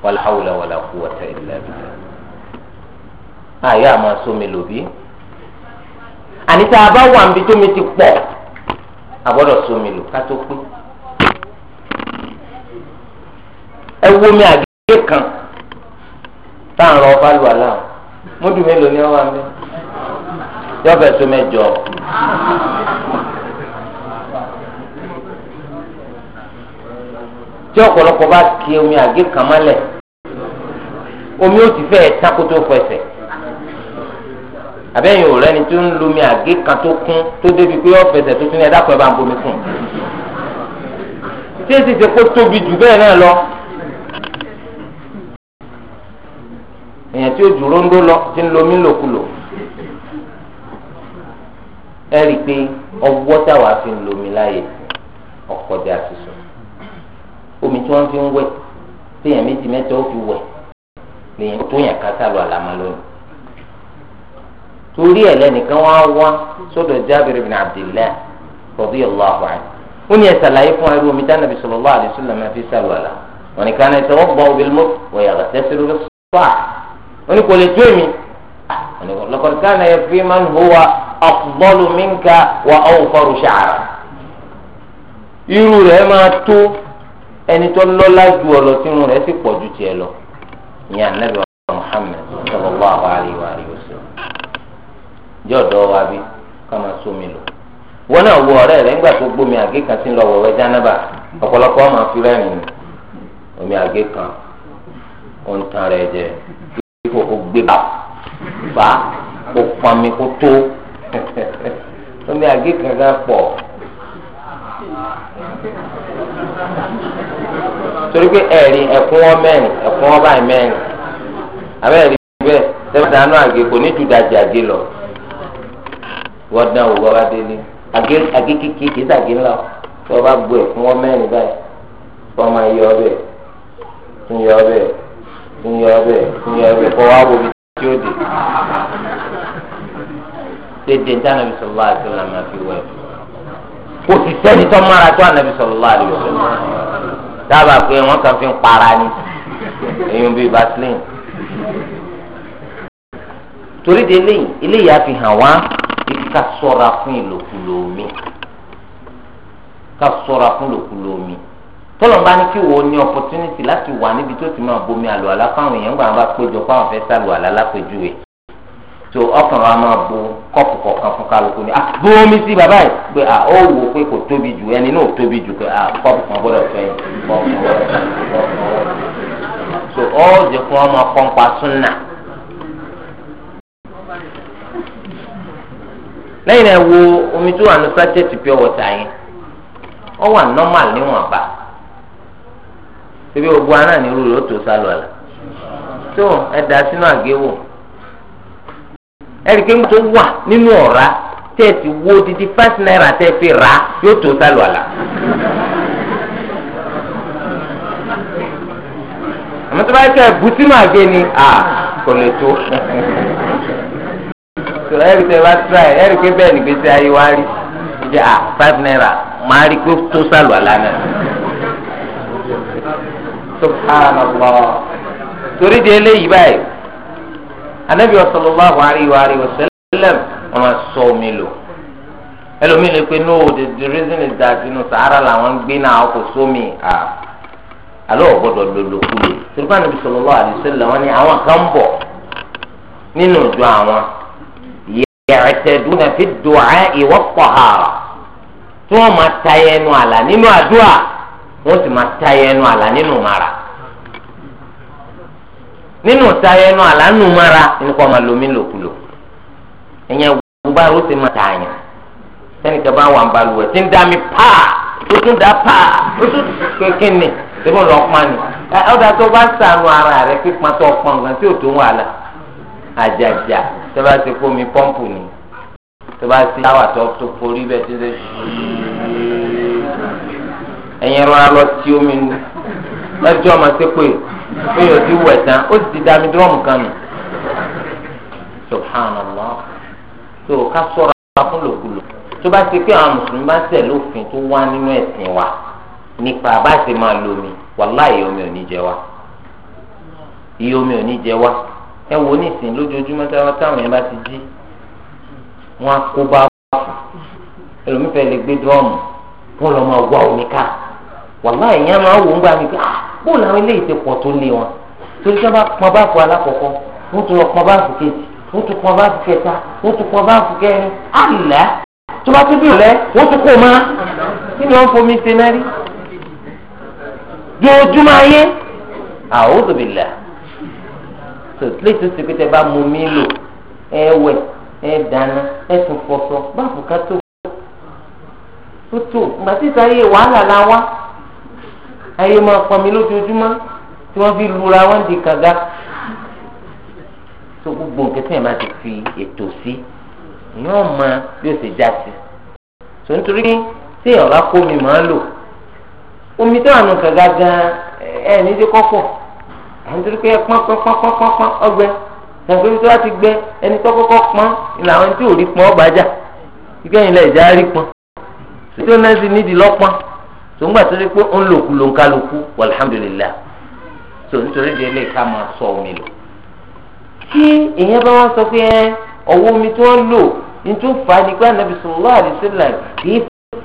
wala hawla wala quwwata illa billah. àyà àmọ́ sómi lòbí àní tá a bá wà níbi tómi ti pọ̀ àgbọ́dọ̀ sómi lò ká tó pé ẹ wo mi àgbẹ̀ kan tá à ń rọ ọba lu àlá múdù mélòó ni wọ́n wà mí yọ̀ọ̀fẹ́ sómi jọ. tí ọ̀pọ̀lọpọ̀ bá ki omi àgé kan mọ́lẹ̀ omi ó ti fẹ́ tán kó tó fẹsẹ̀ àbẹ́yìn òrẹ́ ni tó ń lomi àgé kan tó kún tó débi pé ọ̀fẹsẹ̀ tó tún ní ẹ̀dá kan ẹ̀ bá ń bomi kùn tí èsì ṣe kó tóbi jù bẹ́ẹ̀ náà lọ èèyàn tí ó jù róńdó lọ ti ń lomi lòkulò ẹ rí i pé ọwọ́ táwa fi ń lomi láàyè ọ̀pọ̀ dé àtúnṣe omi tí wọ́n fi ń wẹ̀ téèyàn méjì mẹ́ta ó fi wẹ̀ lèyìn tó yàn ká sálọ àlàmà lónìí torí ẹ lẹnìkan wá wá sọ́dọ̀ Jábìrì bin Abdillah radiyallahu anhu ó ní ẹ sàlàyé fún ẹrú omi dáná bí sallallahu alaihi wasallam máa fi sálọ àlà wọn ni kàn ẹsẹ wọn gbọ òbí mọ wọn yàrá tẹsílú lọ sọà wọn ni kò lè tó èmi ah, wọn ni laqad kana yakfi man huwa afdalu minka wa awfaru sha'ran irú rẹ̀ máa tó ẹni tó lọ́lá ju ọ̀lọ́ ní anabi muhammed sallallahu alayhi wa alihi wa sallam jọ dọ wa bi kama sómi lò wọn náà wo ọ̀rẹ́ rẹ̀ nígbà tó gbómi àgé kan sí lọ́wọ́ wẹ jánaba ọ̀pọ̀lọpọ̀ ọmọ afirẹrin ni omi àgé kan ó ń tan rẹ̀ jẹ kíkò kó gbé bá bá kó pami kó tó omi àgé kan kan pọ̀ torí pé ẹ̀rí ẹ̀kún wọn mẹ́rin ẹ̀kún wọn báyìí mẹ́rin abẹ́ ẹ̀rí bẹ́ẹ̀ sẹ́fẹ̀ dáná àgé kò ní jùdàjì àgé lọ wọ́n dán òwò ọba délé àgé kékeré kìí sàgé ńlá tí wọ́n bá bu ẹ̀kún wọn mẹ́rin báyìí wọ́n máa yọ ọbẹ̀ tún yọ ọbẹ̀ tún yọ ọbẹ̀ tún yọ ọbẹ̀ kọ́ wá wo bí tí ó dé dédé ní anabi sallallahu alaihi wasallam máa fi wẹ̀ kò sì sẹ́ni tó mára tó anabi sallallahu alaihi wasallam dábàá pé wọ́n kàn fi ń para ni èyí bíi vaseline torí de eléyìí eléyìí á fi hàn wá ká ṣọ́ra fún ìlòkulò omi ká ṣọ́ra fún ìlòkulò omi tọ́lọ̀ bá ní kí wo ní opportunity láti wà níbi tó ti máa bomi àlùwàlá fáwọn èèyàn gbà wọn bá péjọ fáwọn fẹ́ sálùwàlá lápèjúwe so ọkàn wa máa bo kọ́pù kọ̀ọ̀kan fún kálukú ni ah omi sí bàbá yìí pé ah ó wò pé kò tóbi jù ẹni náà tóbi jù pé ah kọ́pù kan gbọ́dọ̀ fẹ́ kọ́pù so ó jẹ fún ọmọ kọ́ńpa súnà. lẹ́yìn náà wo omi tó wà ní sájẹ́tì pure water yẹn ọ wà normal níwọ̀nba ebi ni ẹ̀ríkẹ́ tó wà nínú ọ̀rá tẹ́ ẹ ti wo títí five naira tẹ́ ẹ fi rà á yóò tó sálọ àlà. àmọ́ tó bá yẹ kẹ́ ẹ bùtí màá gé ni kò lè tó. sọ̀rọ̀ ẹ̀rí tẹ́ ẹ bá tíra ẹ̀ ẹ̀rí pé bẹ́ẹ̀ nìgbésí ayé wa rí jẹ́ à five naira màá rí pé tó sálọ àlà náà. subhanallah torí di eléyìí báyìí anabi sallallahu alayhi wa alihi wa sallam wọn máa sọ omi lò ẹlòmíì lè pe no the the reason is that inú sahara làwọn ń gbé náà kò sómi à alẹ́ ọ̀gbọ́dọ̀ lòlòkulò tìrìbá anabi sallallahu alayhi wa sallam wọn ni àwọn kan bọ̀ nínú ìjọ àwọn ya'taduna fi du'a'i wa tahara tí wọ́n máa ta ẹnu àlà nínú àdúrà wọ́n sì máa ta ẹnu àlà nínú mara nínú táyà ẹnu àlánú mara nípa ọmọ lomi lòkulò ẹ̀yẹn gbogbo àrò ti máa tààyàn sẹ́nìkan bá wà ń balùwẹ̀ tí ń dá mi paa ó tún dá paa ó tún kékeré ni síbò lọ pọn ni ọ̀dà tó bá sànù ara rẹ̀ pípa tó pọn nǹkan tí ò tó wàhálà àjàjà tó bá ti kó mi pọ́ǹpù ni tó bá sí táwà tó tó forí bẹ́ẹ̀ tó ṣe ẹ̀yin rọra lọ tí omi nu lọ́jọ́ ọmọ sí pé pé yóò ti wẹ̀ tán ó sì ti da mi dúrọ́ọ̀mù kan nù subhanallah tó ká sọ̀rọ̀ fún lòkulò tó bá ti pé àwọn mùsùlùmí bá tẹ̀ lófin tó wá nínú ẹ̀sìn wa nípa bá ti máa lo omi wàláì omi ò ní jẹ wá iye omi ò ní jẹ wá ẹ wo nísìnyí lójoojúmọ́ táwọn yẹn bá ti jí wọn á kó bá wà fún ẹlòmífẹ́ lè gbé dúrọ́ọ̀mù wọn lọ máa wá omi ká wàlá ìyẹn máa wò ń gbà mí pé ah, bóòlù àwọn eléyìí ti pọ̀ tó lé wọn torí sábà pọn báàfù alákọ̀ọ́kọ́ wọ́n tún lọ pọn báàfù kejì wọ́n tún pọn báàfù kẹta wọ́n tún pọn báàfù kẹrin àlá tó bá tún bí ọ̀lẹ́ wọ́n tún kó o máa kí ni wọ́n fomi ṣe náà rí dojúmọ́ ayé a'udhu billah tó létí sí pé tẹ bá mú mi lò ẹ wẹ̀ ẹ dáná ẹ tún fọṣọ báàfù ká tó tó tó gbàtí sáyé wàhálà la wá ayé máa pọn mi lójoojúmọ́ tí wọ́n fi lura wọ́n di kàga tó gbogbo nǹkan tí yẹn bá ti fi ètò sí yóò mọ bí ó ṣe já sí tó nítorí tí èèyàn bá kó mi máa lò omi tó àánú kàga gan ẹ ní ti kọ́kọ́ àǹtorí pé pọ́npọ́npọ́npọ́n ọgbẹ́ tàbí tó bá ti gbẹ ẹni tó kọ́kọ́ pọ́n làwọn tí ò rí pọ́n ọgbàjà ìgbẹ́yìn lẹ̀ já rí pọ́n tó náà sì nídìí lọ́pọ́n tó ń gbà tó ní pé ó ń lòkù ló ń kálukú alhamdulillah tó nítorí di ilé ká máa sọ omi lò. tí ìyẹn bá wá sọ pé ẹ ọwọ́ omi tó ń lò ní tó fà á ní pé ànábì sallallahu alaihi wasallam kì í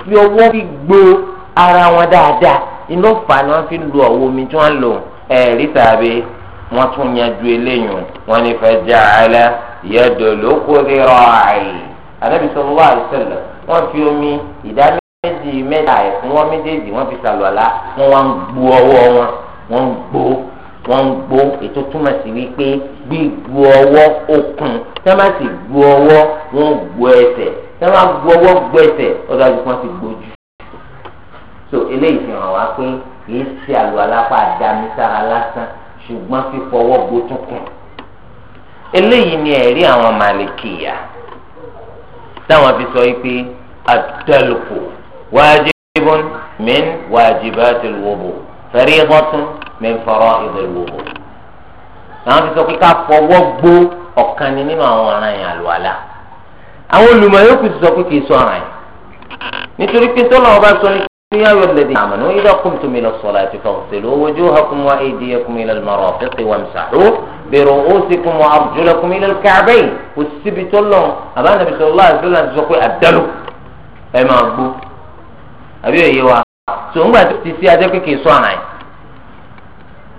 fi ọwọ́ fi gbó ara wọn dáadáa iná fà á ni wọ́n fi ń lo ọwọ́ omi tí ń lò ẹ̀ẹ́rì tàbí wọ́n tún yanjú eléyìí wọ́n ní fẹ́ jẹ́ àlẹ́ yẹ́dọ̀ lóko rírọ̀ àì ànábì sallallahu alaihi wasallam wọ́n fi omi ìdá méjì mẹ́ta ẹ̀fún wọn méjèèjì wọ́n fi sàlùwàlá wọ́n wá ń gbó ọwọ́ wọn wọ́n ń gbó wọ́n ń gbó ètò túmọ̀ sí wípé gbígbó ọwọ́ okùn tẹ́ má sì gbó ọwọ́ wọ́n gbó ẹsẹ̀ tẹ́ má gbó ọwọ́ gbó ẹsẹ̀ ọ̀dọ̀ àti wọ́n ti gbójú. so eléyìí fi hàn wá pé kìí ṣe àlùwàlá pa àdámi sára lásán ṣùgbọ́n fífọwọ́ gbó tún kùn. eléyìí ni ẹ̀rí àwọn màlìkìyà táwọn fi sọ wípé àtẹlùkù wajibun min wajibatil wudu fariidatun min faraidil wudu. àwọn ti sọ pé ká fọwọ́ gbó ọ̀kan ni nínú àwọn ọ̀ràn yẹn àlùwàlà àwọn olùmọ̀ yóò kù ti sọ pé kì í sọ ọ̀ràn yẹn nítorí pé tọ́lọ̀ ọba sọ ní يا أيها الذين آمنوا إذا قمتم إلى الصلاة فاغسلوا وجوهكم وأيديكم إلى المرافق وامسحوا برؤوسكم وأرجلكم إلى الكعبين والسبت لهم أبا النبي صلى الله عليه وسلم يقول أبدلوا أما أبو àbí òye wa tó ń gbà tó ti sí ajẹ́ pé kì í sọ àràn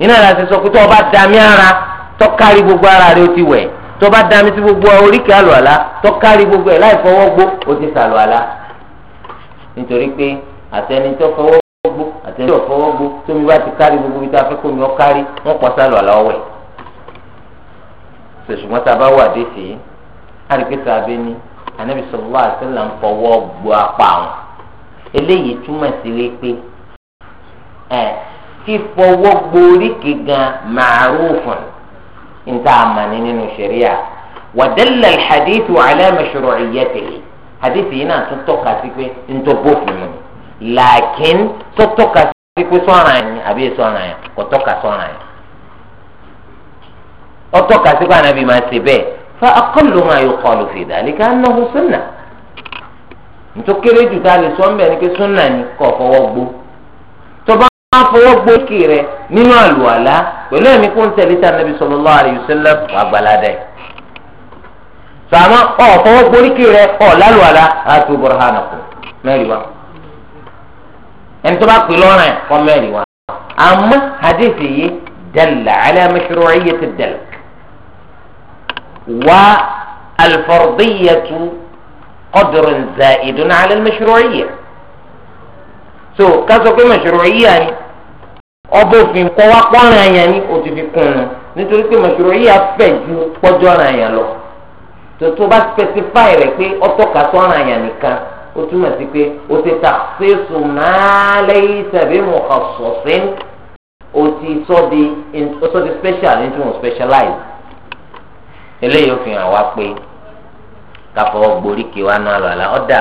yìí iná ìlà ti sọ pé tó o bá dami ara tó kárí gbogbo ara rẹ o ti wẹ̀ tó o bá dami sí gbogbo oríkèé àlùwàlá tó kárí gbogbo ẹ̀ láì fọwọ́ gbó o ti sàlùwàlá nítorí pé àtẹni tó fọwọ́ gbó àtẹni tó fọwọ́ gbó tómi bá ti kárí gbogbo ibi tá a fẹ́ kó mi ọ kárí wọ́n pọ̀ sàlùwàlá ọwẹ́ sòṣùgbọ́n tá a bá wà dé sí i àríkè sàbẹ̀ ni ànábì sallallahu alaihi wasallam fọwọ́ gbó apá àwọn eléyìí túmọ̀ sí wípé ẹ fífọwọ́ gboríkì gan màrúfùn níta àmàní nínú ṣẹ̀ríà wàdẹ́lẹ̀ hadithu alẹ́mẹ̀ṣọ̀rọ̀ ìyẹ́tẹ̀lẹ̀ hadithi yìí náà tún tọ́ka sí pé ntọ́ bófin mu làákín tó tọ́ka sí pé sọ́ra yẹn àbí sọ́ra yẹn kò tọ́ka sọ́ra yẹn ó tọ́ka sí pé ànábì máa ṣe bẹ́ẹ̀ fa akọ́lùmọ́ ayọ̀kọ́lù fìdá ní ká náà hùsùn náà nítorí kéré jù tá a lè sọ ń bẹ̀ ni pé súnà ni kò fọwọ́ gbó tó bá wọn fọwọ́ gbó kì rẹ nínú àlùwàlá pẹ̀lú ẹ̀mí kó ń tẹ̀lé tá nàbí sallallahu alaihi wasallam wà gbalada yìí sàmọ́ ọ̀ fọwọ́ gbó kì rẹ ọ̀ lálùwàlá àti burhanakum mẹ́rin wa ẹni tó bá pè lọ́rùn ẹ̀ kọ́ mẹ́rin wa àmọ́ hadithi yìí dalla ala mashru'iyyati dalk wa al-fardiyyatu. قدر زائد على المشروعية so kásọ pé mashru'iyya ni ọbọ òfin kọwá pọ́nrán àyàn ni o ti fi kún un nítorí pé mashru'iyya fẹ̀ ju pọ́jọ́ ra àyàn lọ tòtò bá specify rẹ̀ pé ọtọ́ka sọ́ra àyàn nìkan ó túmọ̀ sí pé o ti takhsisu ma laysa bi mukhassasin o ti sọ di special nítorí specialize eléyìí ó fi hàn wá pé káfọwọ́ gborí kí wa nù alọ àlà ọ̀dà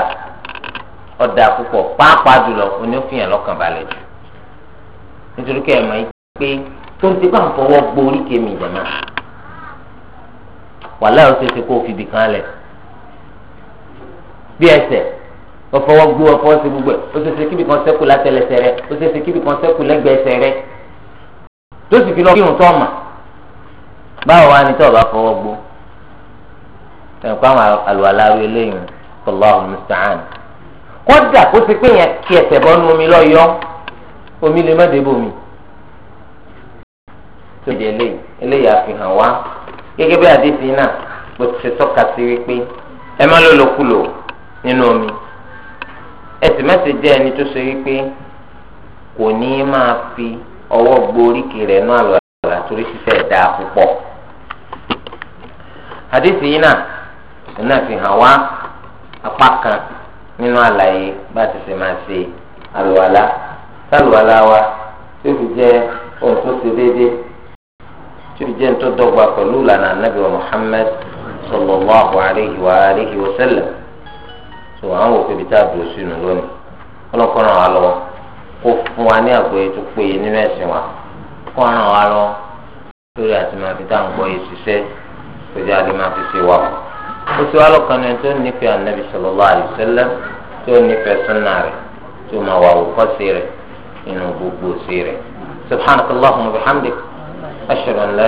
ọ̀dà púpọ̀ pàápàá jùlọ onífìyàn lọ́kàn balẹ̀ jù nítorí kẹ́ ẹ̀ mọ̀ pé tó ń ti bá ń fọwọ́ gborí kí mi jẹ̀mọ́ wàhálà ó ṣeéṣe kó o fi ibìkan lẹ̀ bí ẹsẹ̀ ọfọwọ́ gbó ọfọwọ́ sí gbogbo ẹ̀ ó ṣeéṣe kíbi kan sẹ́kù látẹlẹsẹ̀ rẹ ó ṣeéṣe kíbi kan sẹ́kù lẹ́gbẹ̀ẹsẹ̀ rẹ tó sì fi lọ kírun tó ọ̀mà báwo wá ni tó o bá fọwọ́ gbó. ẹ̀kọ́ àwọn àlùwàlá eléyìí Allahu musta'an. kódà kó ti pé yẹn kí ẹsẹ̀ bọ́ nu omi lọ́yọ́ omi lè má dé bòmí. tó di eléyìí eléyìí àfihàn wá gẹ́gẹ́ bí náà bó ti ṣe sí wípé ẹ má omi ẹ sì má ẹni tó ṣe wípé fi ọwọ́ gboríkì rẹ̀ náà lọ́la torí ṣiṣẹ́ dáa púpọ̀ àdéhùn náà. náà fi hàn wá apá kan nínú àlàyé bá ti ṣe máa àlùwàlá sálùwàlá wa tí o fi jẹ́ ohun tó ṣe déédéé tí o fi ohun tó dọ́gba pẹ̀lú ìlànà anábì wa Muhammad sallallahu wa alihi wa sẹlẹ̀ tó àwọn tá a dùn sínú lónìí ọlọ́kọ́ ràn wá kó fún wa ní àgbọ́yé tó péye nínú ẹ̀sìn wa lórí ó ti wá lọ́kàn ní tó nífẹ̀ẹ́ anabi sallallahu alaihi wasallam tó nífẹ̀ẹ́ sọ́nà rẹ̀ tó máa wà wòkọ́ sí rẹ̀ inú gbogbo sí rẹ̀ subhanakallahumma wa bihamdik ashhadu an la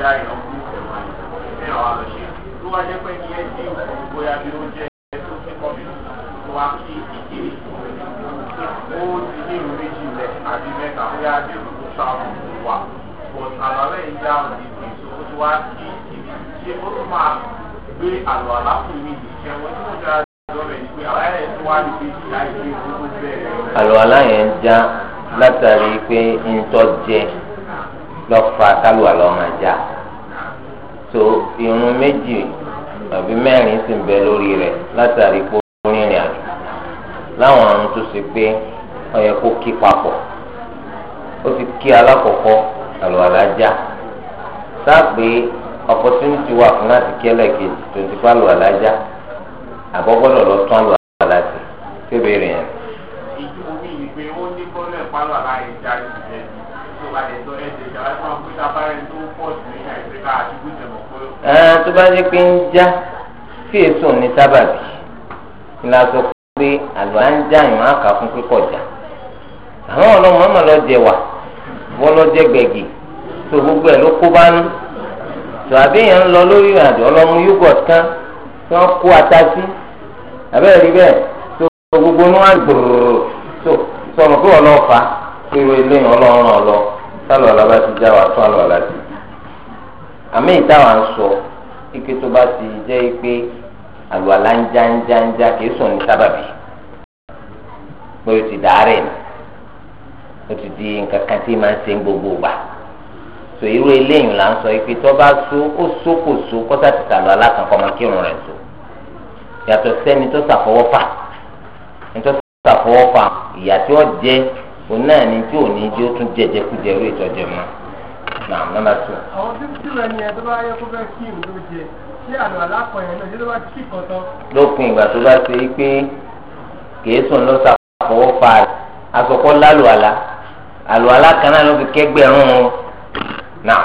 bóyá ìyọkú ìfẹ́ wa lọ ṣe tó wá jẹ́ pé ìyẹn tí bóyá bí ó jẹ́ tó fi kọ́ mi tó wá kí ìkéde ó ti ní ìrù méjì lẹ̀ àbí mẹ́ta bóyá bí ó tó sáwọn òkú wa but àlọ́lẹ̀ yìí dá òun ìpè tó tó wá kí ìkéde ṣé ó tó máa gbé àlọ́ àláfù mi àlọ́ àlàyé já látàrí pé ń tọ́ jẹ lọ́fà kálùwà lọ́mọ ajá so irun méjì àbí mẹ́rin sì ń bẹ lórí rẹ̀ látàrí pé ó rìnrìn àjò láwọn àrùn tó ṣe pé ó yẹ kó kí papọ̀ ó ti kí alákọ̀ọ́kọ́ àlùwà lájá sáàpé opportunity wà fún láti kí ẹlẹ́kejì tó ti pa àlùwà lájá àbọ̀gbọ́dọ̀ lọ tún àlùwà láti tébèrè yẹn. ìjọba ní ìgbé ó ní kọ́lẹ̀ pálọ̀ àlàyé jáde jẹ́ tó bá ẹ tó bá yẹ pé ń já èso ní sábàbí la sọ pé ń já àkà fún pípọ̀ àwọn ọlọ́mọ ọmọ lọ jẹ wà lọ jẹ gbẹ̀gì tó gbogbo ẹ̀ ló kó bá tó àbíyàn ń lọ lórí ọlọ́mú yúgọ̀t kan tí wọ́n kó rí bẹ́ẹ̀ tó gbogbo gbòòrò tó sọ̀rọ̀ pé sálọ ala ti já wa tún àlọ ti àmì ìtawà ń sọ ike tó bá ti jẹ́ pé àlùwàlá ń já ń já ń já kìí sùn ní sábàbí pé o ti dàárẹ̀ o ti di nǹkan kan tí máa ń gbogbo gbà tò irú là ń sọ tó bá so ó so kò so kó sàti sàlọ alákànkọ́ máa kírun rẹ̀ so yàtọ̀ sẹ́ni tó sàfọwọ́fà ni tó òun náà ni tí òní tí ó tún jẹjẹ kú jẹ orí ìtọ́jẹ mọ́ náà nọ́mbà tó. àwọn tí tí lọ yẹn tó bá yẹ kó fẹ́ kí ìlú jẹ ṣé àlọ́ alákọ̀ọ́ náà ṣé bá kí kan lópin ìgbà tó bá ṣe pé kèésùn ló ṣàfọwọ́ pa àsọkọ́ lálù àlá kan náà ló fi kẹ́gbẹ̀rún un náà.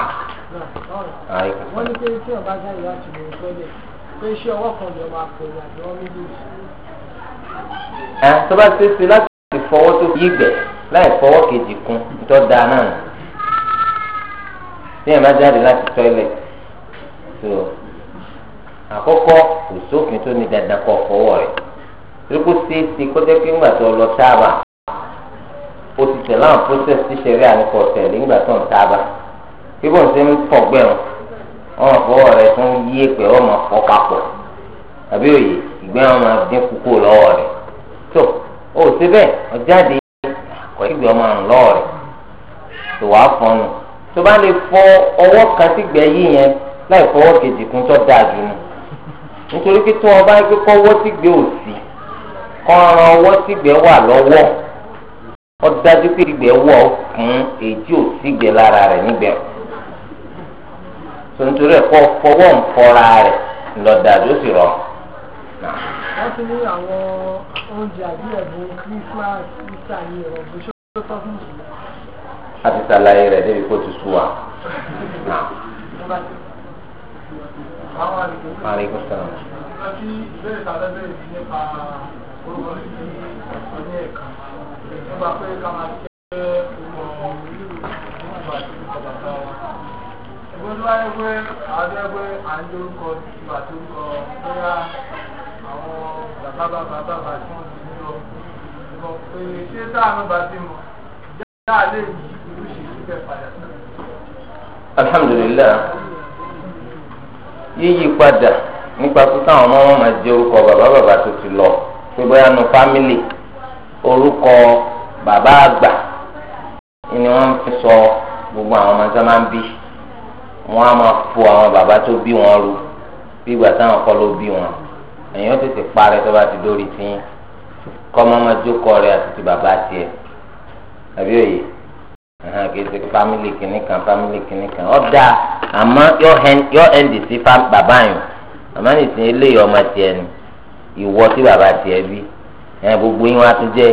wọ́n ní pé tí ọba jáde láti lè sọ́lẹ̀ pé iṣẹ́ ọwọ́ kan lè máa pè láì fọwọ́ kejì kún nítorí da náà tí èèyàn bá jáde láti tọ́ilẹ̀ tó àkọ́kọ́ kò tó ní dandan kọ́ fọwọ́ rẹ̀ torípò ṣeéṣe kó jẹ́ pé ńgbà tó lọ táàbà ó ti process ti ṣe àníkọ̀ tẹ̀lé ńgbà tó ń táàbà bí bọ́n ṣe ń fọ̀gbẹ́ wọn wọn fọwọ́ rẹ̀ tún yí èpè wọn máa fọ́ papọ̀ àbí òye ìgbẹ́ wọn máa dín kúkú lọ́wọ́ rẹ̀ tó o ṣe bẹ́ẹ̀ wọ́n ìgbẹ́ ọmọ àrùn lọ́ọ̀ tó wàá fọnù tó bá lè fọ ọwọ́ kan sígbẹ́ yìí yẹn láì fọwọ́ kejì kún tó dáa nítorí pé tó ọba gbé kọ́wọ́ sígbẹ́ òsì kọ́ran ọwọ́ sígbẹ́ wà lọ́wọ́ ó dájú pé ìgbẹ́ wọ̀ èjì òsígbẹ́ lára rẹ̀ nígbẹ́ tó nítorí wọ́n ti ní àwọn oúnjẹ àbí ẹ̀bùn Christmas Easter ní ọ̀gbìn ṣó tọ́ fún mi. a ti ṣàlàyé rẹ̀ débi kó ti sú wa. Aleykum salaam. Àti ìbéèrè tàbí bẹ́ẹ̀ nípa orúkọ sí ọní ẹ̀ka. Nípa pé ká máa jẹ́ ọmọ ìlú ìgbà tí ó bàbá wa. Ìgbóni wáyé pé àwọn ẹgbẹ́ àjọ orúkọ ìgbà tó ń kọ bóyá bàbá bàbá bàbá tí wọ́n ti ní ọ ọ pé ṣé táàmù bá ti mọ̀ dáa lè yí irúṣe ìfẹ́ padà. alhamdulilayi yíyí padà nípa pé káwọn ọmọ wọn máa jẹ orúkọ bàbá bàbá tó ti lọ pé bóyá nu fámìlì orúkọ bàbá àgbà ni wọ́n fi sọ gbogbo àwọn ọmọ tó máa ń bí wọ́n á máa fo àwọn bàbá tó bí wọn rú bí ìgbà táwọn kọ́ ló bí wọn ẹ̀yin ó tètè parẹ́ tó bá ti dórí tí kọ́mọ́ máa jókòó rẹ̀ àti ti bàbá tiẹ̀ àbí òye kìí family kìíní kan family kìíní kan ọ̀ dáa àmọ́ yọ ẹ̀ǹdì sí bàbá yìí àmọ́ nìsín eléyìí ọmọ tiẹ̀ ni ìwọ tí bàbá tiẹ̀ bí ẹ̀ gbogbo yín wá tún jẹ́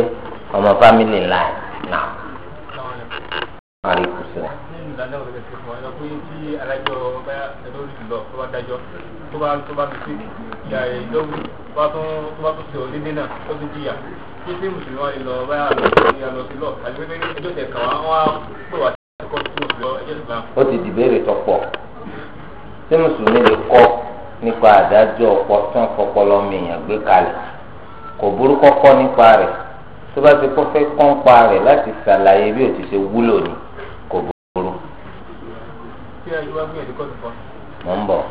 ọmọ family ńlá náà. Ní ìlànà òṣèlú ṣe fún ọ, ẹ lọ tí adájọ́ bá ẹ lórí ìlọ tó bá dájọ́ bá tó bá fi sí ìyá rẹ̀ ìdọ́gbù bá tó tó bá tó ṣe òní dínà tó ti jìyà kí sí mùsùlùmí wa lè lọ báyà lọ sí ìyá lọ sí lọ àti pé ẹjọ́ tẹ̀ kà wọ́n wá pè wá sí ọkọ̀ tó lọ ẹjọ́ tó bá. ó ti dìbéèrè tó pọ̀ tí mùsùlùmí lè kọ́ nípa àdájọ́ ọ̀pọ̀ tó ń fọpọlọ gbé kalẹ̀ kò burúkọ kọ́ nípa rẹ̀ tó bá ti kọ́ fẹ́ kọ́ńpa rẹ̀ láti ṣàlàyé bí ó ti ṣe wúlò ni kò burú. mo ń bọ̀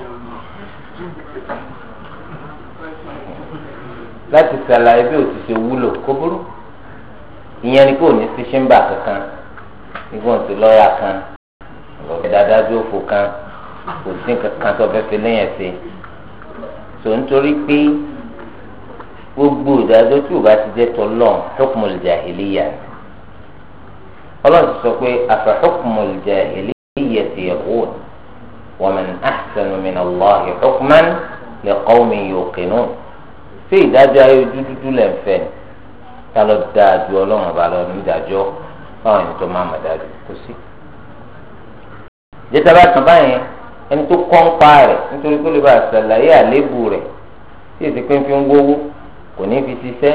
láti ṣàlàyé bí òtítọ́ wúlò kó burú ìyẹn ni kò ní sí ṣíńbà kankan nígbà tí lọ́ọ̀yà kan ọ̀gá dáadáa bí òfò kan kò sí kankan tó fẹ́ẹ́ fi lẹ́yìn ẹ̀sẹ̀ tó nítorí pé gbogbo ìdájọ́ tí ò ti jẹ́ tọ́lọ́ hukmul jahiliya ọlọ́run ti sọ pé afa hukmul jahiliya ti yẹ̀ wọ́n. ومن أحسن من الله حكما لقوم يوقنون ṣé ìdájọ́ ayé dúdúdú lẹ̀ ń fẹ́ ta ló dáa ju ọlọ́run ọba lọ ní ìdájọ́ báwọn ẹni tó máa mọ̀ dájú kó sí. ìjẹta bá tàn báyẹn ẹni tó kọ́ ń pa rẹ̀ nítorí pé ó lè bá ṣàlàyé àléébù rẹ̀ tí èsì pé ń fi ń wówó kò ní fi ṣiṣẹ́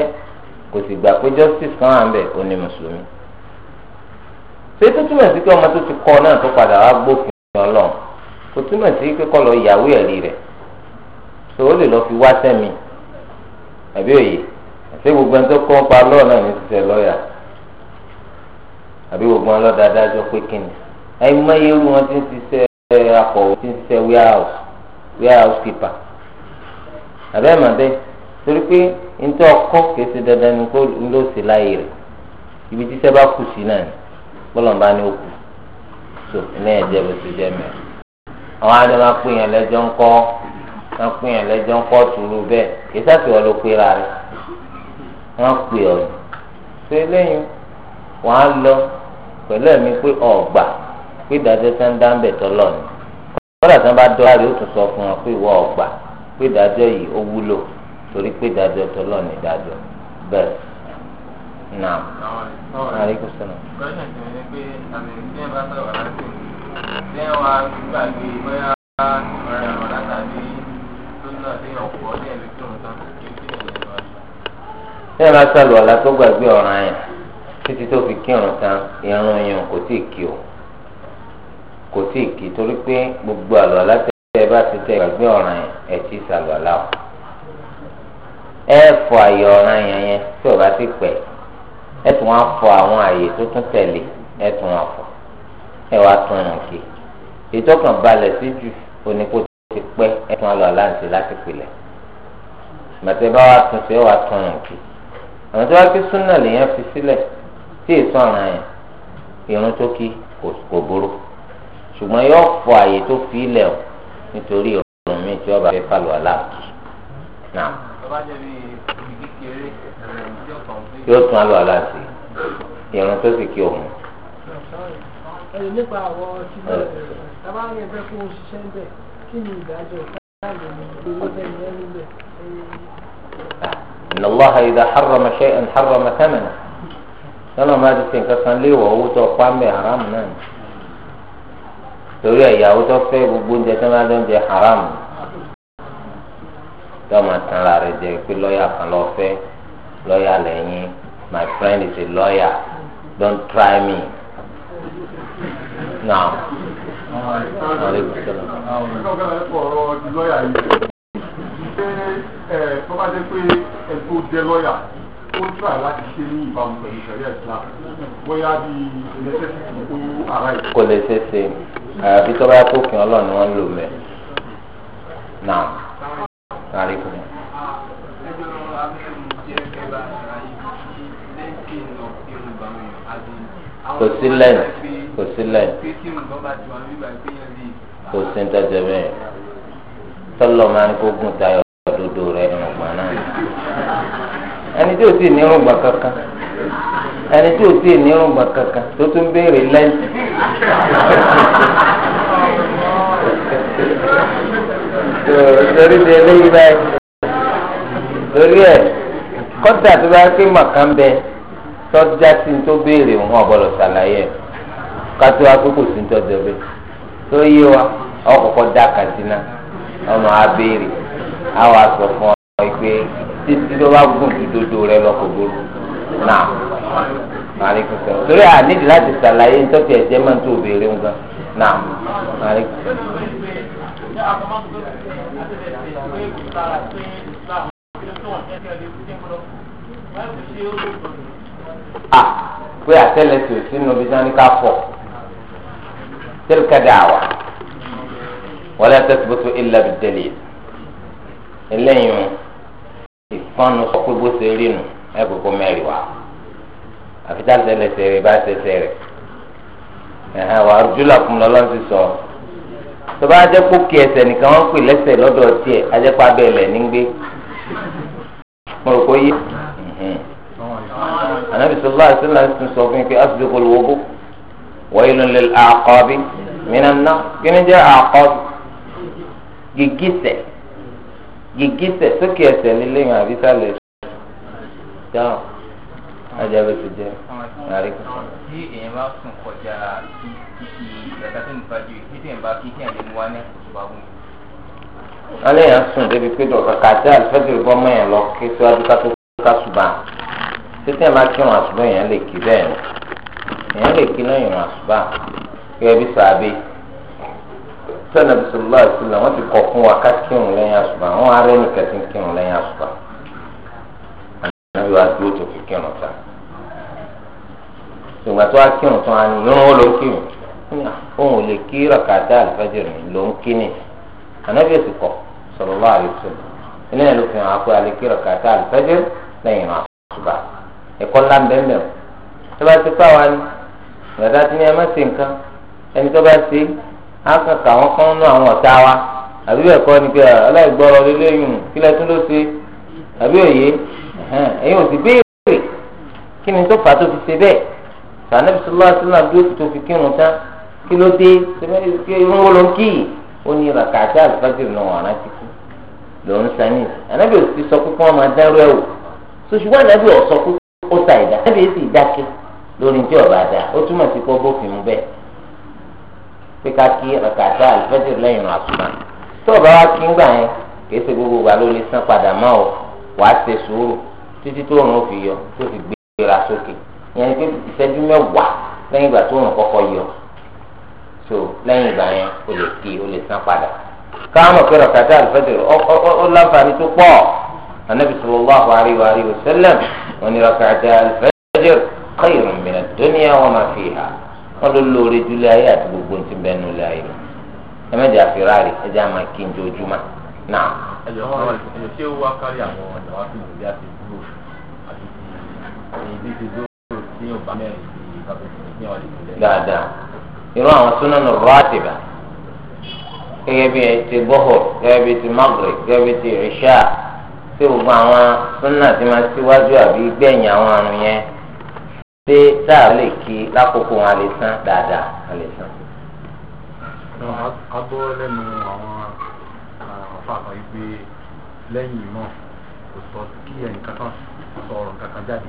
kò sì gbà pé justice kan wà ń bẹ̀ ó ní mùsùlùmí. ṣé tó túmọ̀ sí pé ọmọ tó ti kọ́ náà tó padà wá gbófin ọlọ́run kò túmọ̀ sí pé kọ́ lọ yàwó ẹ̀rí rẹ̀ tó o lè lọ fi wá sẹ́mi àbí òye àti gbogbo ẹni tó kọ́ ń pa lọ́ọ̀ náà ní ṣiṣẹ́ lọ́ọ̀yà àbí gbogbo ẹni lọ́ọ̀dà dájọ́ pé kíni àìmọye irú wọn ti ń ṣiṣẹ́ akọ̀wé ti ń ṣiṣẹ́ warehouse warehouse keeper àbẹ́ màdẹ́ torí pé ntẹ́ ọkọ́ kèsì dandan ni kó ló sì láàyè rẹ̀ ibi tí sẹ́ bá kù sí náà ni bọ́lọ̀ ń bá ní òkú so ilé ẹ̀jẹ̀ bó ti jẹ́ mẹ́rin àwọn àti wọn pè yàn lẹ́jọ́ ńkọ́ wọn pè yàn lẹ́jọ́ ńkọ́ tùrú bẹ́ẹ̀ kì í sáfì wọn ló pè ra rẹ̀ wọn pè ọ ṣe lẹ́yìn wọn á lọ pẹ̀lú ẹ̀mí pé ọgbà pé ìdájọ́ tó ń dá ń bẹ tọlọ ni kódà tó ń bá dọ́ àrè ó tún sọ fún wọn pé ìwọ ọgbà pé ìdájọ́ yìí ó wúlò torí pé ìdájọ́ tọlọ ni ìdájọ́ bẹ́ẹ̀ náà. àwọn àlejò kọ́ńtà ti ní pé àmì ìdílé bá sọ̀rọ̀ láti tí wọn á gbàgbé bóyá ọ̀rẹ́ ọ̀rọ̀ látàbí tó náà lé ọ̀pọ̀ ní ẹ̀mí tó ń tán kí ó sì lè lọ. tí wọn bá sàlùwàlá tó gbàgbé ọ̀ràn yẹn títí tó fi kírun tán irun yẹn kò tí ì kí o kò tí ì kí torí pé gbogbo àlùwàlá tẹ bá ti tẹ gbàgbé ọ̀ràn yẹn ẹ̀ tí sàlùwàlá o ẹ fọ àyè ọ̀ràn yẹn yẹn tí ò bá ti pẹ́ ẹ tún wá fọ àwọn àyè tó tún tẹ̀lé ẹ tún wá fọ ẹ wá tún ẹ̀ràn kí ìtọ́kàn balẹ̀ sí ju onípo ti pẹ́ ẹ tún alọ́ aláǹtí láti pilẹ̀ màtẹ́ bá wá tún sí ẹ wá tún ẹ̀ràn kí àwọn tí wọ́n fi súnà lèèyàn fi sílẹ̀ tí èso ọ̀ràn yẹn irun tó kí kò burú ṣùgbọ́n yóò fọ àyè tó fi ilẹ̀ o nítorí ìrọ̀rùn mi tí ọba fẹ́ fàlọ́ aláàkì náà. yóò tún alọ́ aláàkì irun tó sì kí òun ẹ̀rọ nípa àwọ̀ ọtí náà bàbá rẹ̀ fẹ́ kó ṣiṣẹ́ ń bẹ̀ kí ni ìdájọ́ إن الله إذا حرم شيئا حرم ثمنه lọ́nà ما ti fi لي وهو تو قام owó tó pa mẹ́ haram náà ni torí ẹ̀yàwó tó fẹ́ gbogbo oúnjẹ tó máa lóúnjẹ haram tó máa tan ara rẹ̀ jẹ pé lọ́ọ̀yà kan lọ́ọ́ fẹ́ lọ́ọ̀yà lẹ́yìn my friend is a lawyer don't try me náà. ṣé tó bá jẹ́ pé ẹni tó jẹ́ lọ́ọ̀yà ó tíra láti ṣe ní ìbámu pẹ̀lú ìṣẹ̀lẹ̀ Islam bóyá bí necessity tó ara yìí. kò lè ṣeé ṣe àyàfi tó bá yá kókin ọlọ́run ni wọ́n ń lò mẹ́ náà kárí kù. kò sí lẹ́yìn kò sílẹ̀ kò sí ń tọ́jú bẹ́ẹ̀ tọ́lọ̀ máa ń kó gùn tayọ òdodo rẹ̀ ọ̀gbọ́n náà ẹni tí ò sì ní irùngbọ̀n kankan ẹni tí ò sì ní irùngbọ̀n kankan tó tún béèrè lẹ́ǹtì. torí ti eléyìí báyìí torí ẹ kọ́ńtà tó bá ké màkà ń bẹ tọ́jà sí ní tó béèrè òun ọ̀bọ̀lọ̀ ṣàlàyé ẹ̀. kátó akókò si ní tọ́jú ọbẹ̀ tó yé wa ọkọ̀kọ̀ dá kàtínà ọmọ abéèrè àwọn aṣọ fún ọ pé títí tó bá gùn ju dodo rẹ lọ kò gbóró náà màálíkù sọ torí à nídìí láti ṣàlàyé nítorí ẹ̀jẹ̀ máa ń tó béèrè ń gan náà màálíkù sọ. a pé àtẹ́lẹsẹ̀ sínú bí sanni ká fọ. تلك دعوة ولا تثبت إلا بالدليل eléyìí ìfọ́nù sọ́kú bó ṣe rí nu ẹ̀kọ́kọ́ mẹ́rin wá àfitá ṣẹlẹ̀ṣẹ̀ rẹ̀ bá ṣẹṣẹ̀ rẹ̀ ẹ̀hán wà arjula fún lọ́lọ́ ti sọ tó bá jẹ́ kó kí ẹsẹ̀ nìkan wọ́n pè lẹ́sẹ̀ lọ́dọ̀ tiẹ̀ ajẹ́pá bẹ́ẹ̀ lẹ̀ ní gbé mo rò kó yé anabi sọlá àti sọlá ti sọ fún mi pé asùnjẹ́ kò lówó kó wọ́yìn lè àkọ́bí mìíràn náà kí ni jẹ́ àkọ́bí gìgísẹ̀ gìgísẹ̀ sókè ẹsẹ̀ lílé yàn àbí sálẹ̀ dáhùn ajá bẹ́ẹ̀ ti jẹ́ nàrí kan. tí èèyàn bá sùn kọjá kìkì ìyàtọ̀ tó ń fajú kí tèèyàn bá kí kí àlè wá ní ẹ̀kọ́ bá wù. alẹ́ yẹn sùn débi pé dọ̀kà kàtí àlùfẹ́tìrì bọ́ mọ́ yẹn lọ kí síwájú ká tó ká sùn bá tètè máa kírun àsùnbọ̀ yẹn lè kí bẹ́ẹ̀ ni. èèyàn lè kí àṣùbà gẹ́gẹ́ bí bisimilá wa ká kírun lẹ́yìn àṣùbà wọ́n arẹ́ ń kírun lẹ́yìn àṣùbà dúró tó fi kírun ta ṣùgbọ́n tó wá kírun gbàdá tí ni ẹ má ṣe nǹkan ẹni tó bá ṣe á kàn kà wọ́n kán nú àwọn ọ̀tá wa àbí bẹ́ẹ̀ kọ́ ni pé aláìgbọ́rọ̀ lélẹ́yìn kí lẹ́tún ló ṣe àbí òye ẹ̀yin ò sì béèrè kí ni tó fà tó fi ṣe bẹ́ẹ̀ sànẹ́bí sọlá sílá dúró tó fi kírun tán kí ló dé ṣe ń wọ́n lọ kí ó ní ràkàtà àlùfáàjìrì náà wà láti kú lòún sani ànábì ò sì sọ pé kí wọ́n máa dárú ẹ̀ wò sọ ànábì ò sọ pé ó ta ìdá ànábì èsì ìdákẹ́ lórí tí ọba dá ó túmọ̀ sí pé bófin mu bẹ́ẹ̀ pé ká kí rakata alifajir lẹ́yìn ìrun àsùnmá tó ọba wa kí ń gbà yẹn kìí ṣe gbogbo wa ló lè san padà mọ́ ọ wàá ṣe sùúrù títí tó òun fi yọ tó fi gbéra sókè ìyẹn pé ìṣẹ́jú mẹ́wàá lẹ́yìn ìgbà tó òun kọ́kọ́ yọ so lẹ́yìn ìgbà yẹn o lè kí o lè san padà káwọn pé rakata alifajir ó láǹfààní tó pọ̀ anabi sallallahu alayhi wa sallam wọn ni rakata alifajir. khayrun min ad-dunya wa ma fiha wọn ló lóore dúlé ayé gbogbo ní ti bẹ nù lé ayé ẹ mẹjọ àfirari ẹ jẹ àmà kí n jẹ ojúmọ́ náà. gbogbo pé dáa lè kí lákòókò wọn lè san dáadáa wọn lè san. a gbọ́ lẹ́nu àwọn afáàfà yìí pé lẹ́yìn ìmọ̀ kò sọ kí ẹnì kankan sọ̀rọ̀ kankan jáde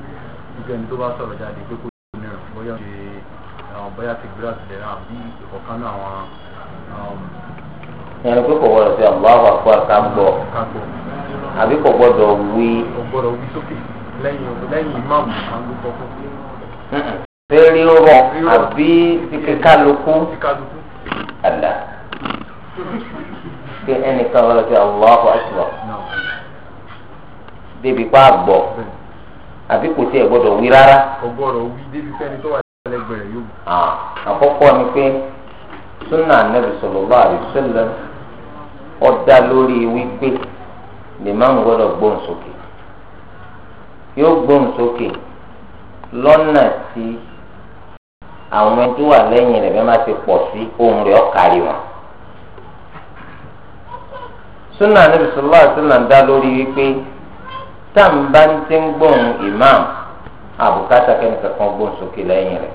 níbi ẹni tó bá sọ̀rọ̀ jáde pé kò ní ìrìn bóyá ṣe àwọn bóyá ti gbéra sílẹ̀ náà bí ìkọ̀kan náà àwọn. ẹni pé kò wọlé sí àwọn àwọn àpò àkàgbọ àbí kò gbọ́dọ̀ wí. kò gbọ́dọ̀ wí sókè lẹ́yìn lẹ́yìn ìmọ̀ àwọn àgbẹ̀kọ̀kọ̀ fèrè rọ àbí kíkálukú àdá kí ẹnìkan wọn lọ sí Allahu Akbar débi pa àgbọ̀ àbí kò tiẹ̀ gbọ́dọ̀ wí rárá. ọgbọ́dọ̀ wí débi fẹ́ni tó wà lẹ́gbẹ̀rẹ̀ yóò. àkọ́kọ́ ni pé súnà Ànábì sallallahu alaihi wasallam ó dá lórí wípé lè má ń gbọ́dọ̀ gbóhùn sókè yóò gbóhùn sókè lọ́nà tí àwọn tó wà lẹ́yìn rẹ̀ bẹ́ẹ̀ máa ti pọ̀ sí ohun rẹ̀ ọ̀kàrí wọn. súnà níbi sọlá sílà dá lórí wípé tá ń bá ń gbóhùn imam àbùkátà kẹ́nìkan kan gbóhùn sókè lẹ́yìn rẹ̀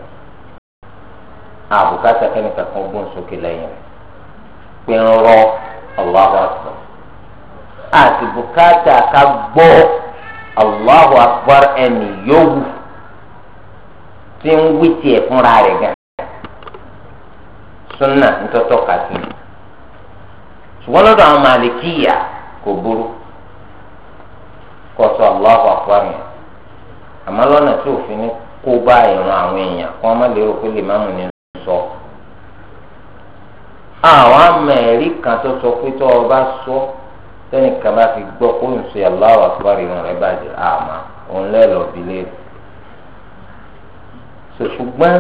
àbùkátà kẹ́nìkan kan gbóhùn sókè lẹ́yìn rẹ̀ pé ń rọ Allahu Akbar àti bùkátà ká gbọ́ Allahu Akbar ẹnì yóò wù. tí ń wí tiẹ̀ fúnra rẹ̀ gan súnà ńtọ́tọ́ kà sí i ṣùgbọ́n lọ́dọ̀ àwọn màlìkíyà kò burú Allahu akbar àmọ́ lọ́nà tí òfin ní kó bá ìran àwọn èèyàn kó wọ́n lérò pé lè má mú ni sọ. àwọn amẹ̀rí kan tó sọ pé tó sọ sẹ́nìkan bá fi gbọ́ kó n ṣe Allahu ìran rẹ̀ bàjẹ́ àmọ́ òun lẹ́ẹ̀lọ́ ṣùgbọ́n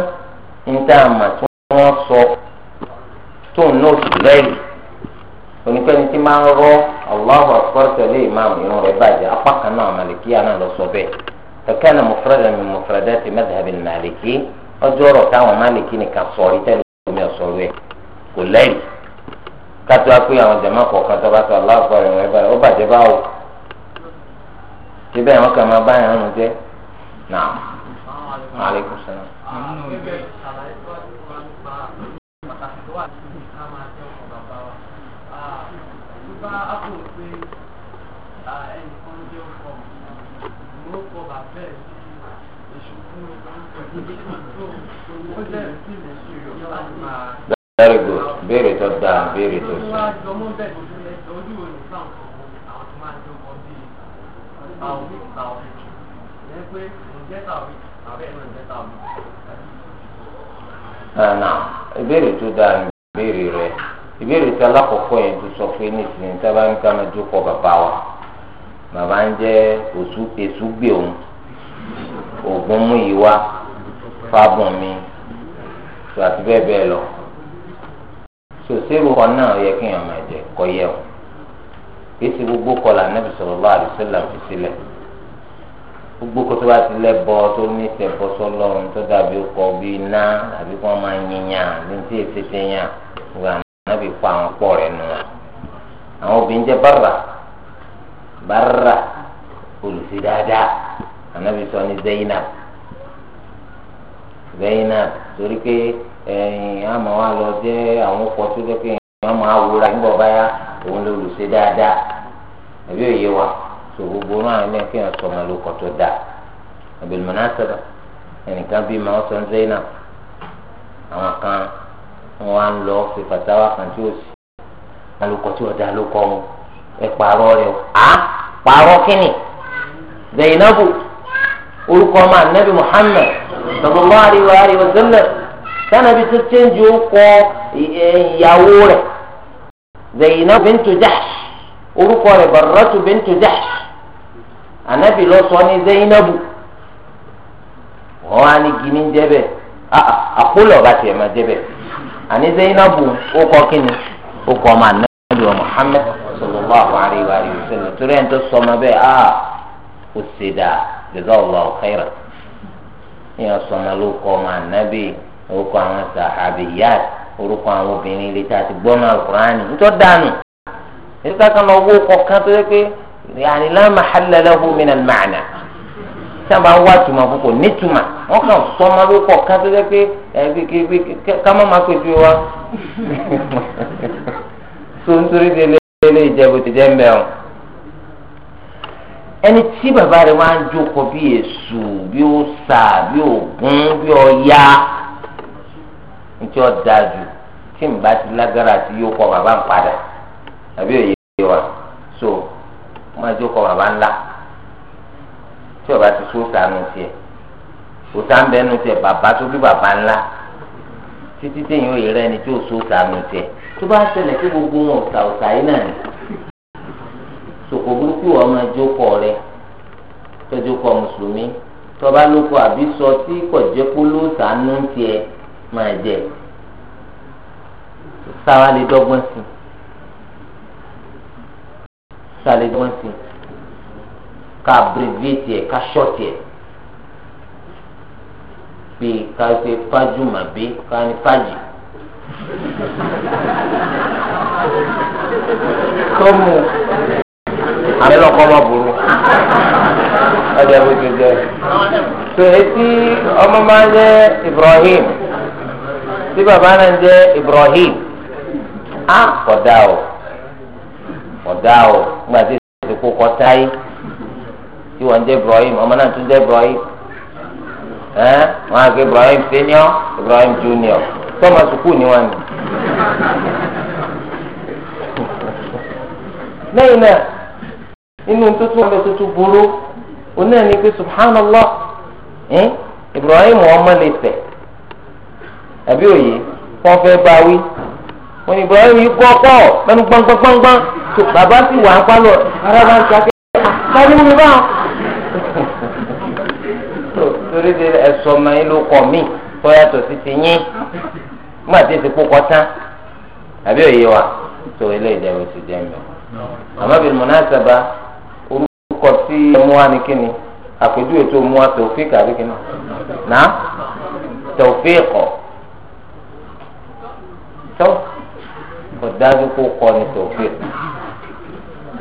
níta àmà tí wọ́n sọ tóun náà sì lẹ́yìn oníkẹ́ni tí máa ń rọ Allahu akbar ìmáàmù irun rẹ̀ bàjẹ́ apá kan náà náà lọ sọ bẹ́ẹ̀ ẹ̀kẹ́ na mufrada min mufradati madhhabi màlìkí ọjọ́ ọ̀rọ̀ táwọn màlìkí nìkan tẹ́lẹ̀ omi kò lẹ́yìn kátó àwọn kọ̀ọ̀kan tó bá sọ Allahu rẹ̀ bàjẹ́ aleykum salaam. very good béèrè tó dáa béèrè tó sùn. Eh, nana ìbéèrè tó dáa ní ìbéèrè rẹ ìbéèrè tí alákọ̀ọ́kọ́ yẹn tó sọ pé nísìnyí tí a bá ń ká máa jókòó bàbá wa bàbá ń jẹ́ èṣù gbé òun ògùn mú yìí wá fábùn mi tó àti bẹ́ẹ̀ bẹ́ẹ̀ lọ sòsèrò kan náà yẹ kí èèyàn máa jẹ kọ́ yẹ̀ o kí ti gbogbo kọ́ la Nábì sallallahu alaihi wasallam sílẹ̀ gbogbo kótó bá ti lẹ́bọ tó ní ìṣẹ̀bọ sọ́lọ́ tó dàbí ọkọ̀ bí iná àbí kí wọ́n máa yìnyàn ní tí èsì ti yàn gba ànábì pa àwọn pọ̀ rẹ̀ nù. àwọn obìnrin jẹ́ bàrà bàrà olùsí dáadáa ànábì sọ ní Zainab Zainab torí pé ẹ̀yìn àmọ́ wa lọ jẹ́ àwọn ọkọ̀ tó jẹ́ pé wọ́n máa wúra nígbà báyà òun lolùsí dáadáa ẹ̀bí òye wa so gbogbo ọ̀rọ̀ àwọn ẹni kéèyàn sọ ọmọ ló kọ tó dáa àbẹ̀lùmọ̀nà sọ̀rọ̀ ẹnìkan bíi màá sọ ń zẹ́yìn náà àwọn kan wọn á ń lọ fi fàtàwà kan tí ó sì alùkọ tí ọ̀dà ló kọ́ wọn ẹ pààrọ̀ rẹ̀ o à pààrọ̀ kínní Zainabu orúkọ ọmọ anabi Muhammad sallallahu alaihi wa alihi sanabi tó chẹ́ǹjì orúkọ ìyàwó rẹ̀ Zainabu bintu Jahsh orúkọ rẹ̀ Barratu bintu Jahsh. anabi lọ sọ ní zainabu wọn á ní gini jẹbẹ àkólọ bá tiẹ̀ máa jẹbẹ àní zainabu ó kọ kíni ó kọ anabi wa muhammed sallallahu alayhi wa sallam torí ẹni tó sọ ọmọ bẹ́ẹ̀ a ah, kò ṣe dà ní kọ ma anabi ó kọ àwọn sahabiyat orúkọ àwọn obìnrin ilé tí ti gbọ́ náà kúránì nítorí dànù ya la mahalla lahu min al-ma'na sábà ń wá tuma fún kò ní wọn kàn sọmọ ló kọ kátó dẹ pé ẹ ká má má pèjú wa sonsori de ti jẹ mbẹ o ẹni tí bàbá rẹ máa ń jókòó bí èṣù bí ó sà bí ògún bí ọya nítorí ọ̀dà tí n bá ti lágbára ti yóò bàbá ń padà àbí òye wa so. máa jókòó bàbá ńlá tí ọba ti sún sànù tiẹ̀ òtá ń bẹnu tiẹ̀ bàbá tó bí bàbá ńlá títí téèyàn ò yẹ rẹ ni tí ò sún sànù tiẹ̀ tó bá ṣẹlẹ̀ kí gbogbo wọn ọ̀sà ọ̀sà yìí náà ni sòkò burúkú wọn máa jókòó rẹ tọ́jókòó mùsùlùmí tọba lóko àbí sọ tí kò jẹ́ kó ló sànù tiẹ̀ máa jẹ sáwá lè sí i sálẹ̀ tí wọ́n ti ká abbreviate ẹ̀ ká short ẹ̀ pé ká ṣe fájùmọ̀bí ká ní fájì. tó mú àmì lọ́kọ́ mọ́ burú ọjà bó ti tó etí ọmọ máa ń jẹ́ Ibrahim tí bàbá náà ń jẹ́ Ibrahim á kọ̀ o ọ̀dà o nígbà tí ìsèkè kó kọ́ táyé tí wọ́n jẹ́ Ibrahim ọmọ náà tún jẹ́ Ibrahim ẹ́n wọ́n á gbé Ibrahim senior Ibrahim junior tọ́mọ sùkúù ni wọ́n ní. lẹ́yìn náà nínú tuntun ọ̀bẹ tuntun burú òun náà ní pé subhanallah ẹ́n Ibrahim ọmọ lè fẹ̀ àbí òye wọ́n fẹ́ báwí wọ́n ní Ibrahim yìí gbọ́ pọ̀ mẹ́nu gbọ́ngbọ́ngbọ́ngbọ́n tó bàbá sì wà ń pálọ̀ ara bá ń sàkẹ́ àtàlẹ́ mi bá. torí de ẹ̀sọ́ ọmọ yín ló kọ̀ mí tó yàtọ̀ sí ti yín nígbà tí èsì kókọ tán àbí òye wa tó ilé ìdẹ̀wò ti jẹ́ mi. àmọ́ bí mùnásàbà orúkọ tí ọmọ wa ni kíni àpèjúwe tó mú wa tòfíìk àbí kíni nà tòfíìkọ̀ tó kò dájú kó kọ́ ni tòfíìk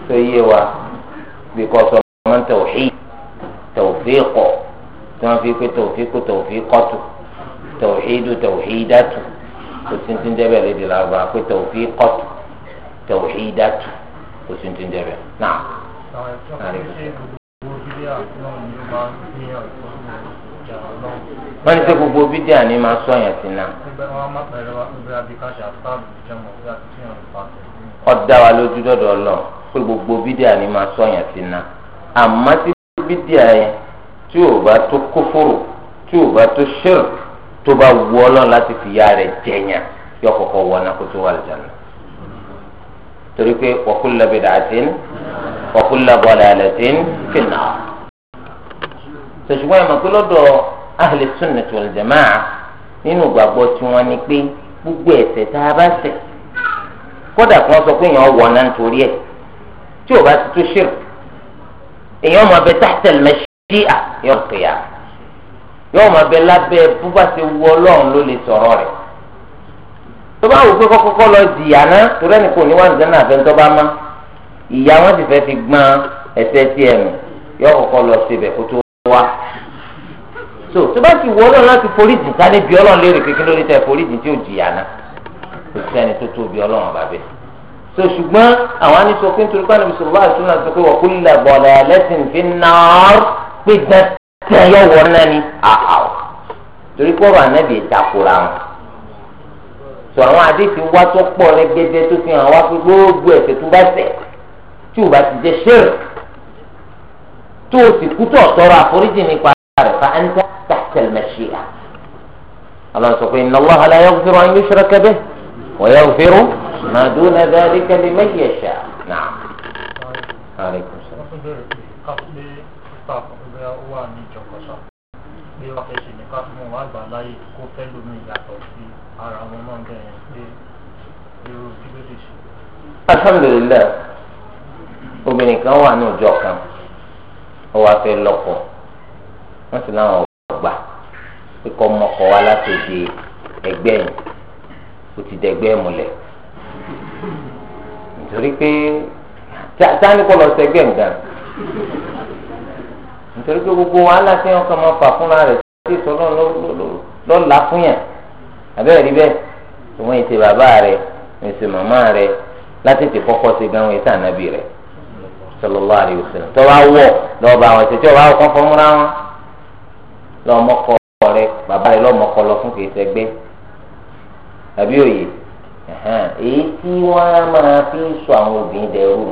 tó yé wa bí kò sọ ọmọ tòwí tòwí kọ tí wọn fi pé tòwí kó tòwí kọtù tòwí dù tòwí dàtù kò sí ti ń jẹ́ bẹ́ẹ̀ lédè làwọn pé tòwí kọtù tòwí kò sí ti ń wọ́n ní sẹ́ gbogbo bídíà ni máa sọ yẹn sí náà. ọ̀dà wa lójú dọ́dọ̀ ọlọ́run pé gbogbo bídíà ni máa sọ yẹn sí ná àmọ́ tí bídíà yẹn tí ò bá tó kófòrò tí ò bá tó ṣírk tó bá wù ọ́ lọ́n láti fi ya rẹ̀ jẹ̀yàn yọ kọ̀kọ́ wọ náà kó tó wà lẹ́jọ́nà torí pé wa kullu bid'atin wa kullu dalalatin fin-nar sọ̀tùmọ́ ẹ̀ mọ̀ pé lọ́dọ̀ ahli sunnati wal jama'a nínú gbàgbọ́ tí wọ́n ní pé gbogbo ẹ̀ṣẹ̀ tá a bá ṣẹ̀ kódà kí wọ́n sọ pé èèyàn wọ̀ náà nítorí ẹ̀ tí o bá ti tó ṣírò èèyàn máa bẹ tahtal mashi'a yawm al-qiyamah yóò máa bẹ lábẹ́ bó bá ti wù Ọlọ́run ló lè sọ̀rọ̀ rẹ̀ tó bá wù pé kọ́kọ́kọ́ lọ jìyà náà torí ẹnì kò ní wà nìkan náà fẹ́ntọ́ bá má ìyá wọn sì fẹ́ fi gbọ́n ẹsẹ̀ tí ẹnu yóò kọ́kọ́ lọ síbẹ̀ kó tó wá so tó bá ti wù Ọlọ́run láti forí jìn ká níbi Ọlọ́run lérè kékeré lórí tẹ forí jìn tí ò jìyà náà kò sí ẹni tó tóbi Ọlọ́run bàbẹ́ so ṣùgbọ́n àwọn á ní sọ pé nítorí pàdé mùsùlùmí àti sùnà sọ pé wọ́n kú lè bọ̀lẹ̀ lẹ́sìn fi náà pé dandan yọ wọ náà ni àhàw torí pọ̀rọ̀ ànábì ìtakùrà wọn. sọ àwọn àdéhìí wá tó pọ̀ lẹ́gbẹ́dẹ́ tó fi hàn wá pé gbogbo ẹ̀ṣẹ̀ tó bá ṣẹ̀ tí ò bá ti jẹ́ ṣẹ́rù tó o sì kú tó ọ̀tọ́rọ̀ àforíjì nípa rẹ̀ fa anta tahtal mashia. Allah sọ ويغفر ما دون ذلك لمن يشاء نعم عليكم السلام pé wọ́n fẹ́ ṣe ní ká fún wọn àgbà láyè kó fẹ́ lómi ìyàtọ̀ sí ara wọn náà bẹ̀rẹ̀ pé irú kí ló lè obìnrin kan wà ní ọjọ́ kan ó wàá fẹ́ lọ́kọ wọ́n sì láwọn ọ̀gbà pé kọ́ mọ́kọ wá láti di ẹgbẹ́ yìí ó ti dẹgbẹ́ múlẹ̀ nítorí pé tani kọ́ lọ sẹ́gbẹ́ nǹkan nítorí pé gbogbo wàhálà tí wọn kàn máa fà fúnra rẹ̀ sí ìsọ̀rọ̀ lọ́la fún yàn abẹ́rẹ́ rí bẹ́ẹ̀ tí wọ́n yìí ti bàbá rẹ̀ èsì màmá rẹ̀ láti ti kọ́kọ́ sí gan wọn èsì ànábì rẹ̀ sallallahu alaihi wasallam tọ́ba wọ̀ lọ́ọ́ bá wọn tètè ọba wọn kọ́ fọ́múra wọn lọ́ọ́ mọ́kọ́ rẹ̀ bàbá rẹ̀ lọ́ọ́ mọ́kọ́ lọ fún kìí sẹ́gbẹ́ àbí òye èyí tí wọ́n á máa fi sọ àwọn obìnrin dẹrú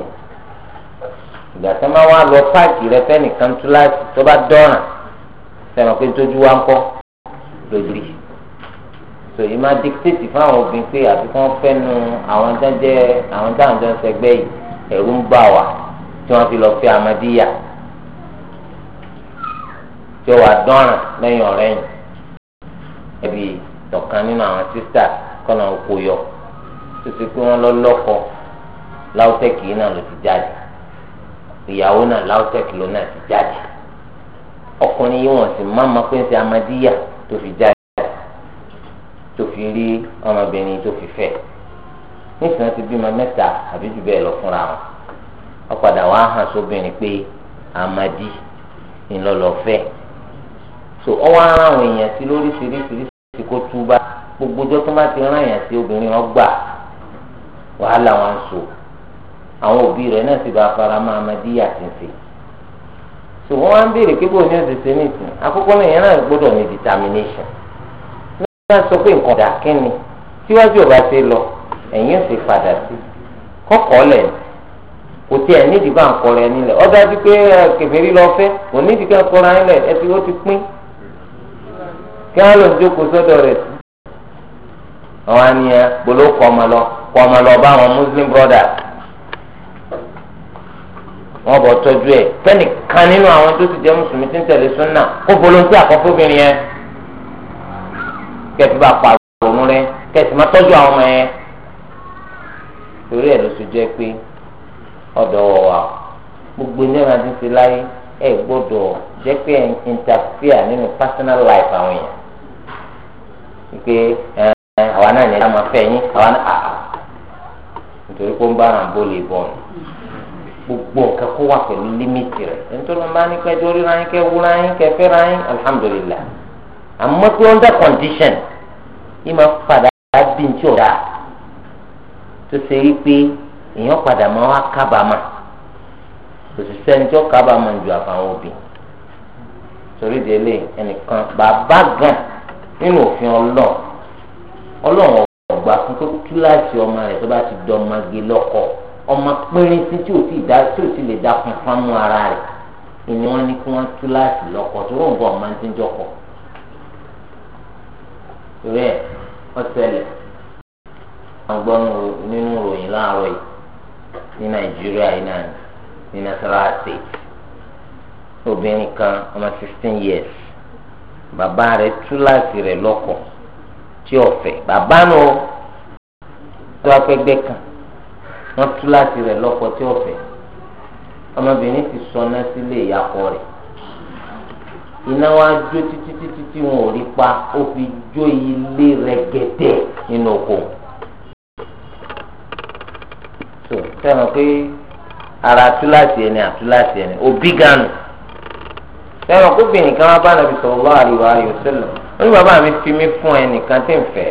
ìgbà tí wọ́n wá lọ páàkì rẹ fẹ́nìkan tú láti tó bá dọ́ràn sẹ́wọ̀n pé tójú wa ń kọ́ lójú so yìí máa dictate fáwọn obìnrin pé àfi kí wọ́n fẹ́nu àwọn jẹ́jẹ́ àwọn táwọn jọ ń sẹgbẹ́ yìí ẹ̀rù ń bà wá tí wọ́n fi lọ fẹ́ amadíyà tí ó wà dọ́ràn lẹ́yìn ọ̀rẹ́yìn ẹbí tọ̀kan nínú àwọn sisters. kọ́nà oko yọ títí pé wọ́n lọ lọ́kọ láwùtẹ́kì náà ló ti jáde ìyàwó náà láwùtẹ́kì ló náà ti jáde ọkùnrin yìí wọ́n sì má máa pé ń ṣe amadíyà tó fi jáde tó fi rí ọmọbìnrin tó fi fẹ́ nísìnyí ti bímọ mẹ́ta àbí jù bẹ́ẹ̀ lọ fúnra wọn ọ̀padà wàá hàn sóbìnrin gbogbo ọjọ́ tó má ti rán yàn sí obìnrin wọn gbà wàhálà wọn so àwọn òbí rẹ̀ náà sì bá fara mọ́ amadíyà tìǹtì so wọ́n wá ń béèrè pé bóun ní ọ̀sẹ̀ ṣe ní ìsìn àkọ́kọ́ náà yẹn náà gbọ́dọ̀ ní determination náà sọ pé nǹkan dà kínni síwájú ọba ṣe lọ ẹ̀yìn ọ̀sẹ̀ padà sí kọ́kọ́ lẹ̀ kò tí ẹ̀ nídìí bá ń kọrọ ẹni lẹ̀ ọ̀dà bíi pé kẹfẹ́rí lọ fẹ́ kò nídìí ká kọrọ ẹni lẹ̀ ẹ ti ó ti pín kí wọ́n lọ jókòó sọ́dọ̀ rẹ̀ sí àwọn àníyàn gbolo kọmọ lọ kọmọ lọ bá àwọn muslim brothers wọn bọ tọ́jú ẹ kẹ́nìkan nínú àwọn tó ti jẹ mùsùlùmí tí ń tẹ̀lé súnà kó bolonti àkọ́kọ́bìnrin yẹn kẹ́tì bá pa rẹ kẹ́tì má tọ́jú àwọn ọmọ yẹn torí ẹ̀ ló so jẹ́ pé gbogbo ní ẹ̀rọ àdínsí láyé ẹ̀ àwa náà ní ẹ máa fẹ́ yín àwa náà àà nítorí pé ó ń bá ara bó lè bọ̀ gbogbo nǹkan kó wà pẹ̀lú límìtì rẹ̀ nítorí wọn bá ní kẹ́ dórí yín kẹ́ yín kẹ́ yín alhamdulilah àmọ́ tí wọ́n ń dá condition yìí máa padà bí ní tí ò dáa tó ṣe yí pé èèyàn padà máa wá kábàámà kò sì sẹ́ni tí ó kábàámà ju àbáwọn òbí torí délé ẹnìkan bàbá gan nínú òfin ọlọ́ọ̀ ọlọ́run ọ̀gbà fún tó kíláàsì ọmọ rẹ̀ tó bá ti dọ́mọge lọ́kọ ọmọ pínrín tí ò sì dá tí ò sì lè dá funfun mú ara rẹ̀ ìní wọn ní kí wọ́n kíláàsì lọ́kọ tó rò ń bọ̀ ọmọ tí ń jọkọ̀ rẹ̀ ọ̀sẹ̀lẹ̀ àwọn gbọ́n nínú ròyìn láàárọ̀ yìí ní nàìjíríà yìí náà ní nasarawa state obìnrin kan ọmọ sixteen years bàbá rẹ̀ túláàsì rẹ̀ lọ́kọ̀ọ́ tí ọ̀fẹ́ bàbá nù ọ tó apẹgbẹ kan wọn tú láti rẹ lọ́kọ tí ọmọbìnrin ti sọnà sílé le rẹ̀ iná wa jó títí títí tí wọn ò rí pa ó fi jó ilé nínú oko tó pé ara túláàsì ẹni àtúláàsì ẹni òbí ganu. ẹ̀rọ kóbìnrin kan wá bá nàbì sallallahu alaihi wa sallam ó ní bàbá mi fi mí fún ẹnìkan tí ń fẹ́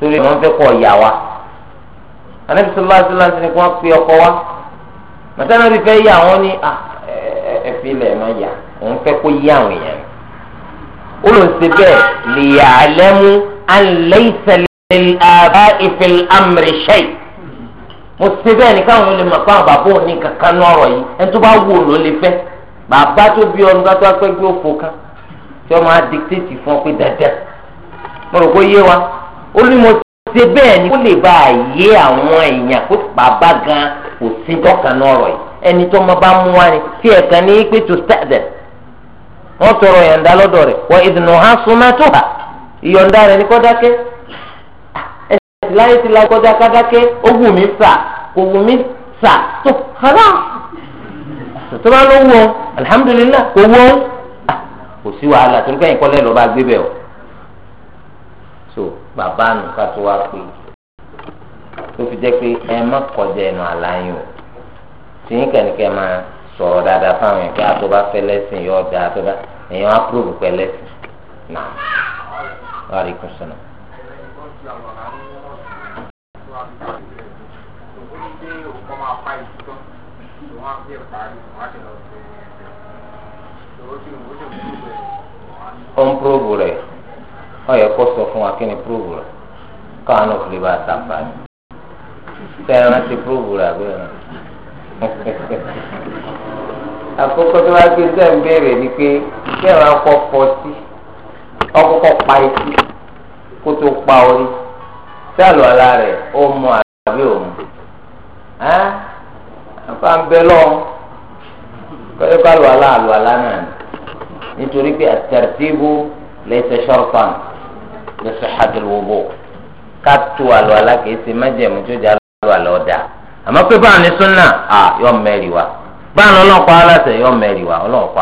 torí wọn fẹ́ kọ́ ọ̀yà wa anabi sallallahu alaihi wa sallam ti ní kí wọ́n pe ọkọ wa màtá nàbì fẹ́ yà wọ́n ní ah, ẹ̀fí ilẹ̀ ẹ̀ má yà òun fẹ́ kó yí àwọn èèyàn ó lọ sí bẹ́ẹ̀ liya'lamu an laysa lil aba'i fil amri shay'. mo ti bẹ́ẹ̀ ni káwọn olè mọ̀ bàbá òun ní kankan yìí ẹni tó bá wù ló lè fẹ́ bàbá tó bí ọdún bá tó gbé òfò kan tí wọ́n máa fún ọ pé dandan mo rò yé wa ó ní mo ṣe bẹ́ẹ̀ a yé àwọn èèyàn kó bàbá gan kò sí dọ́kan yìí ẹni tó bá mú wa ní pé tó wọ́n láyé ti la kọjá kádákẹ́ ó wù mí sà kò wù mí sà tó hàrà tó bá ló wù ọ́ alihamudulilayi kò wù ọ́ ah, kò sí wàhálà tó ń kẹ́yìn kọ́lẹ́ lọ́ba gbé bẹ́ẹ̀ o so bàbá nù ká tó wá pé tó fi jẹ́ pé ẹ má kọjá ẹnu àlàyé o tìyín kẹ́nìkẹ́ máa sọ̀rọ̀ dáadáa fáwọn ẹ̀ka tó bá fẹ́ lẹ́sìn yọ ọ́ dáa tó bá èèyàn á púròbù pẹ́ lẹ́sìn náà wàá rí kùsùn wọn á fi parí wọn á ti lọ sí ìṣòro tí wọn ó sì mú un bẹ́ẹ̀. ó ń púróòbù rẹ̀ ó yẹ kó ni púróòbù rẹ̀ káwọn náà fi lè bá a sàǹfààní tẹ́ran ti púróòbù rẹ̀ àbẹ́ rẹ̀. àkókò tó wá gbé sẹ́ẹ̀ ń béèrè ni pé tẹ́ran kọ́ fọ́ sí ọkọ́kọ́ pa etí kó tó pa orí sẹ́ẹ̀lù ọ̀la afa ń bẹ lọ kọ́lé ala àlùwàlá àlùwàlá náà nítorí pé àtẹ̀rẹ̀tìbù laysa shartan li sihhatil wudu ká tu àlùwàlá ma ṣe májẹ̀mú tó jẹ́ àlùwàlá ọ̀dà àmọ́ pé báwọn ní a à yọ mẹ́rin wa yọ mẹ́rin wa ọlọ́ọ̀kọ́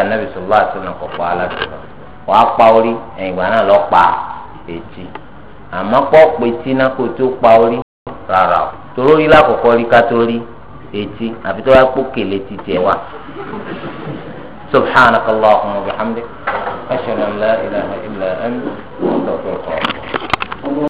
anabi sọlá kọ́ wà á náà àmọ́ náà kò tó rárá o toró rí lákòókò rí kátó rí etí àfi tó bá kó kèlè ti tiẹ̀ wá. subhanakallahumma wa bihamdik ashhadu an la ilaha illa anta astaghfiruka.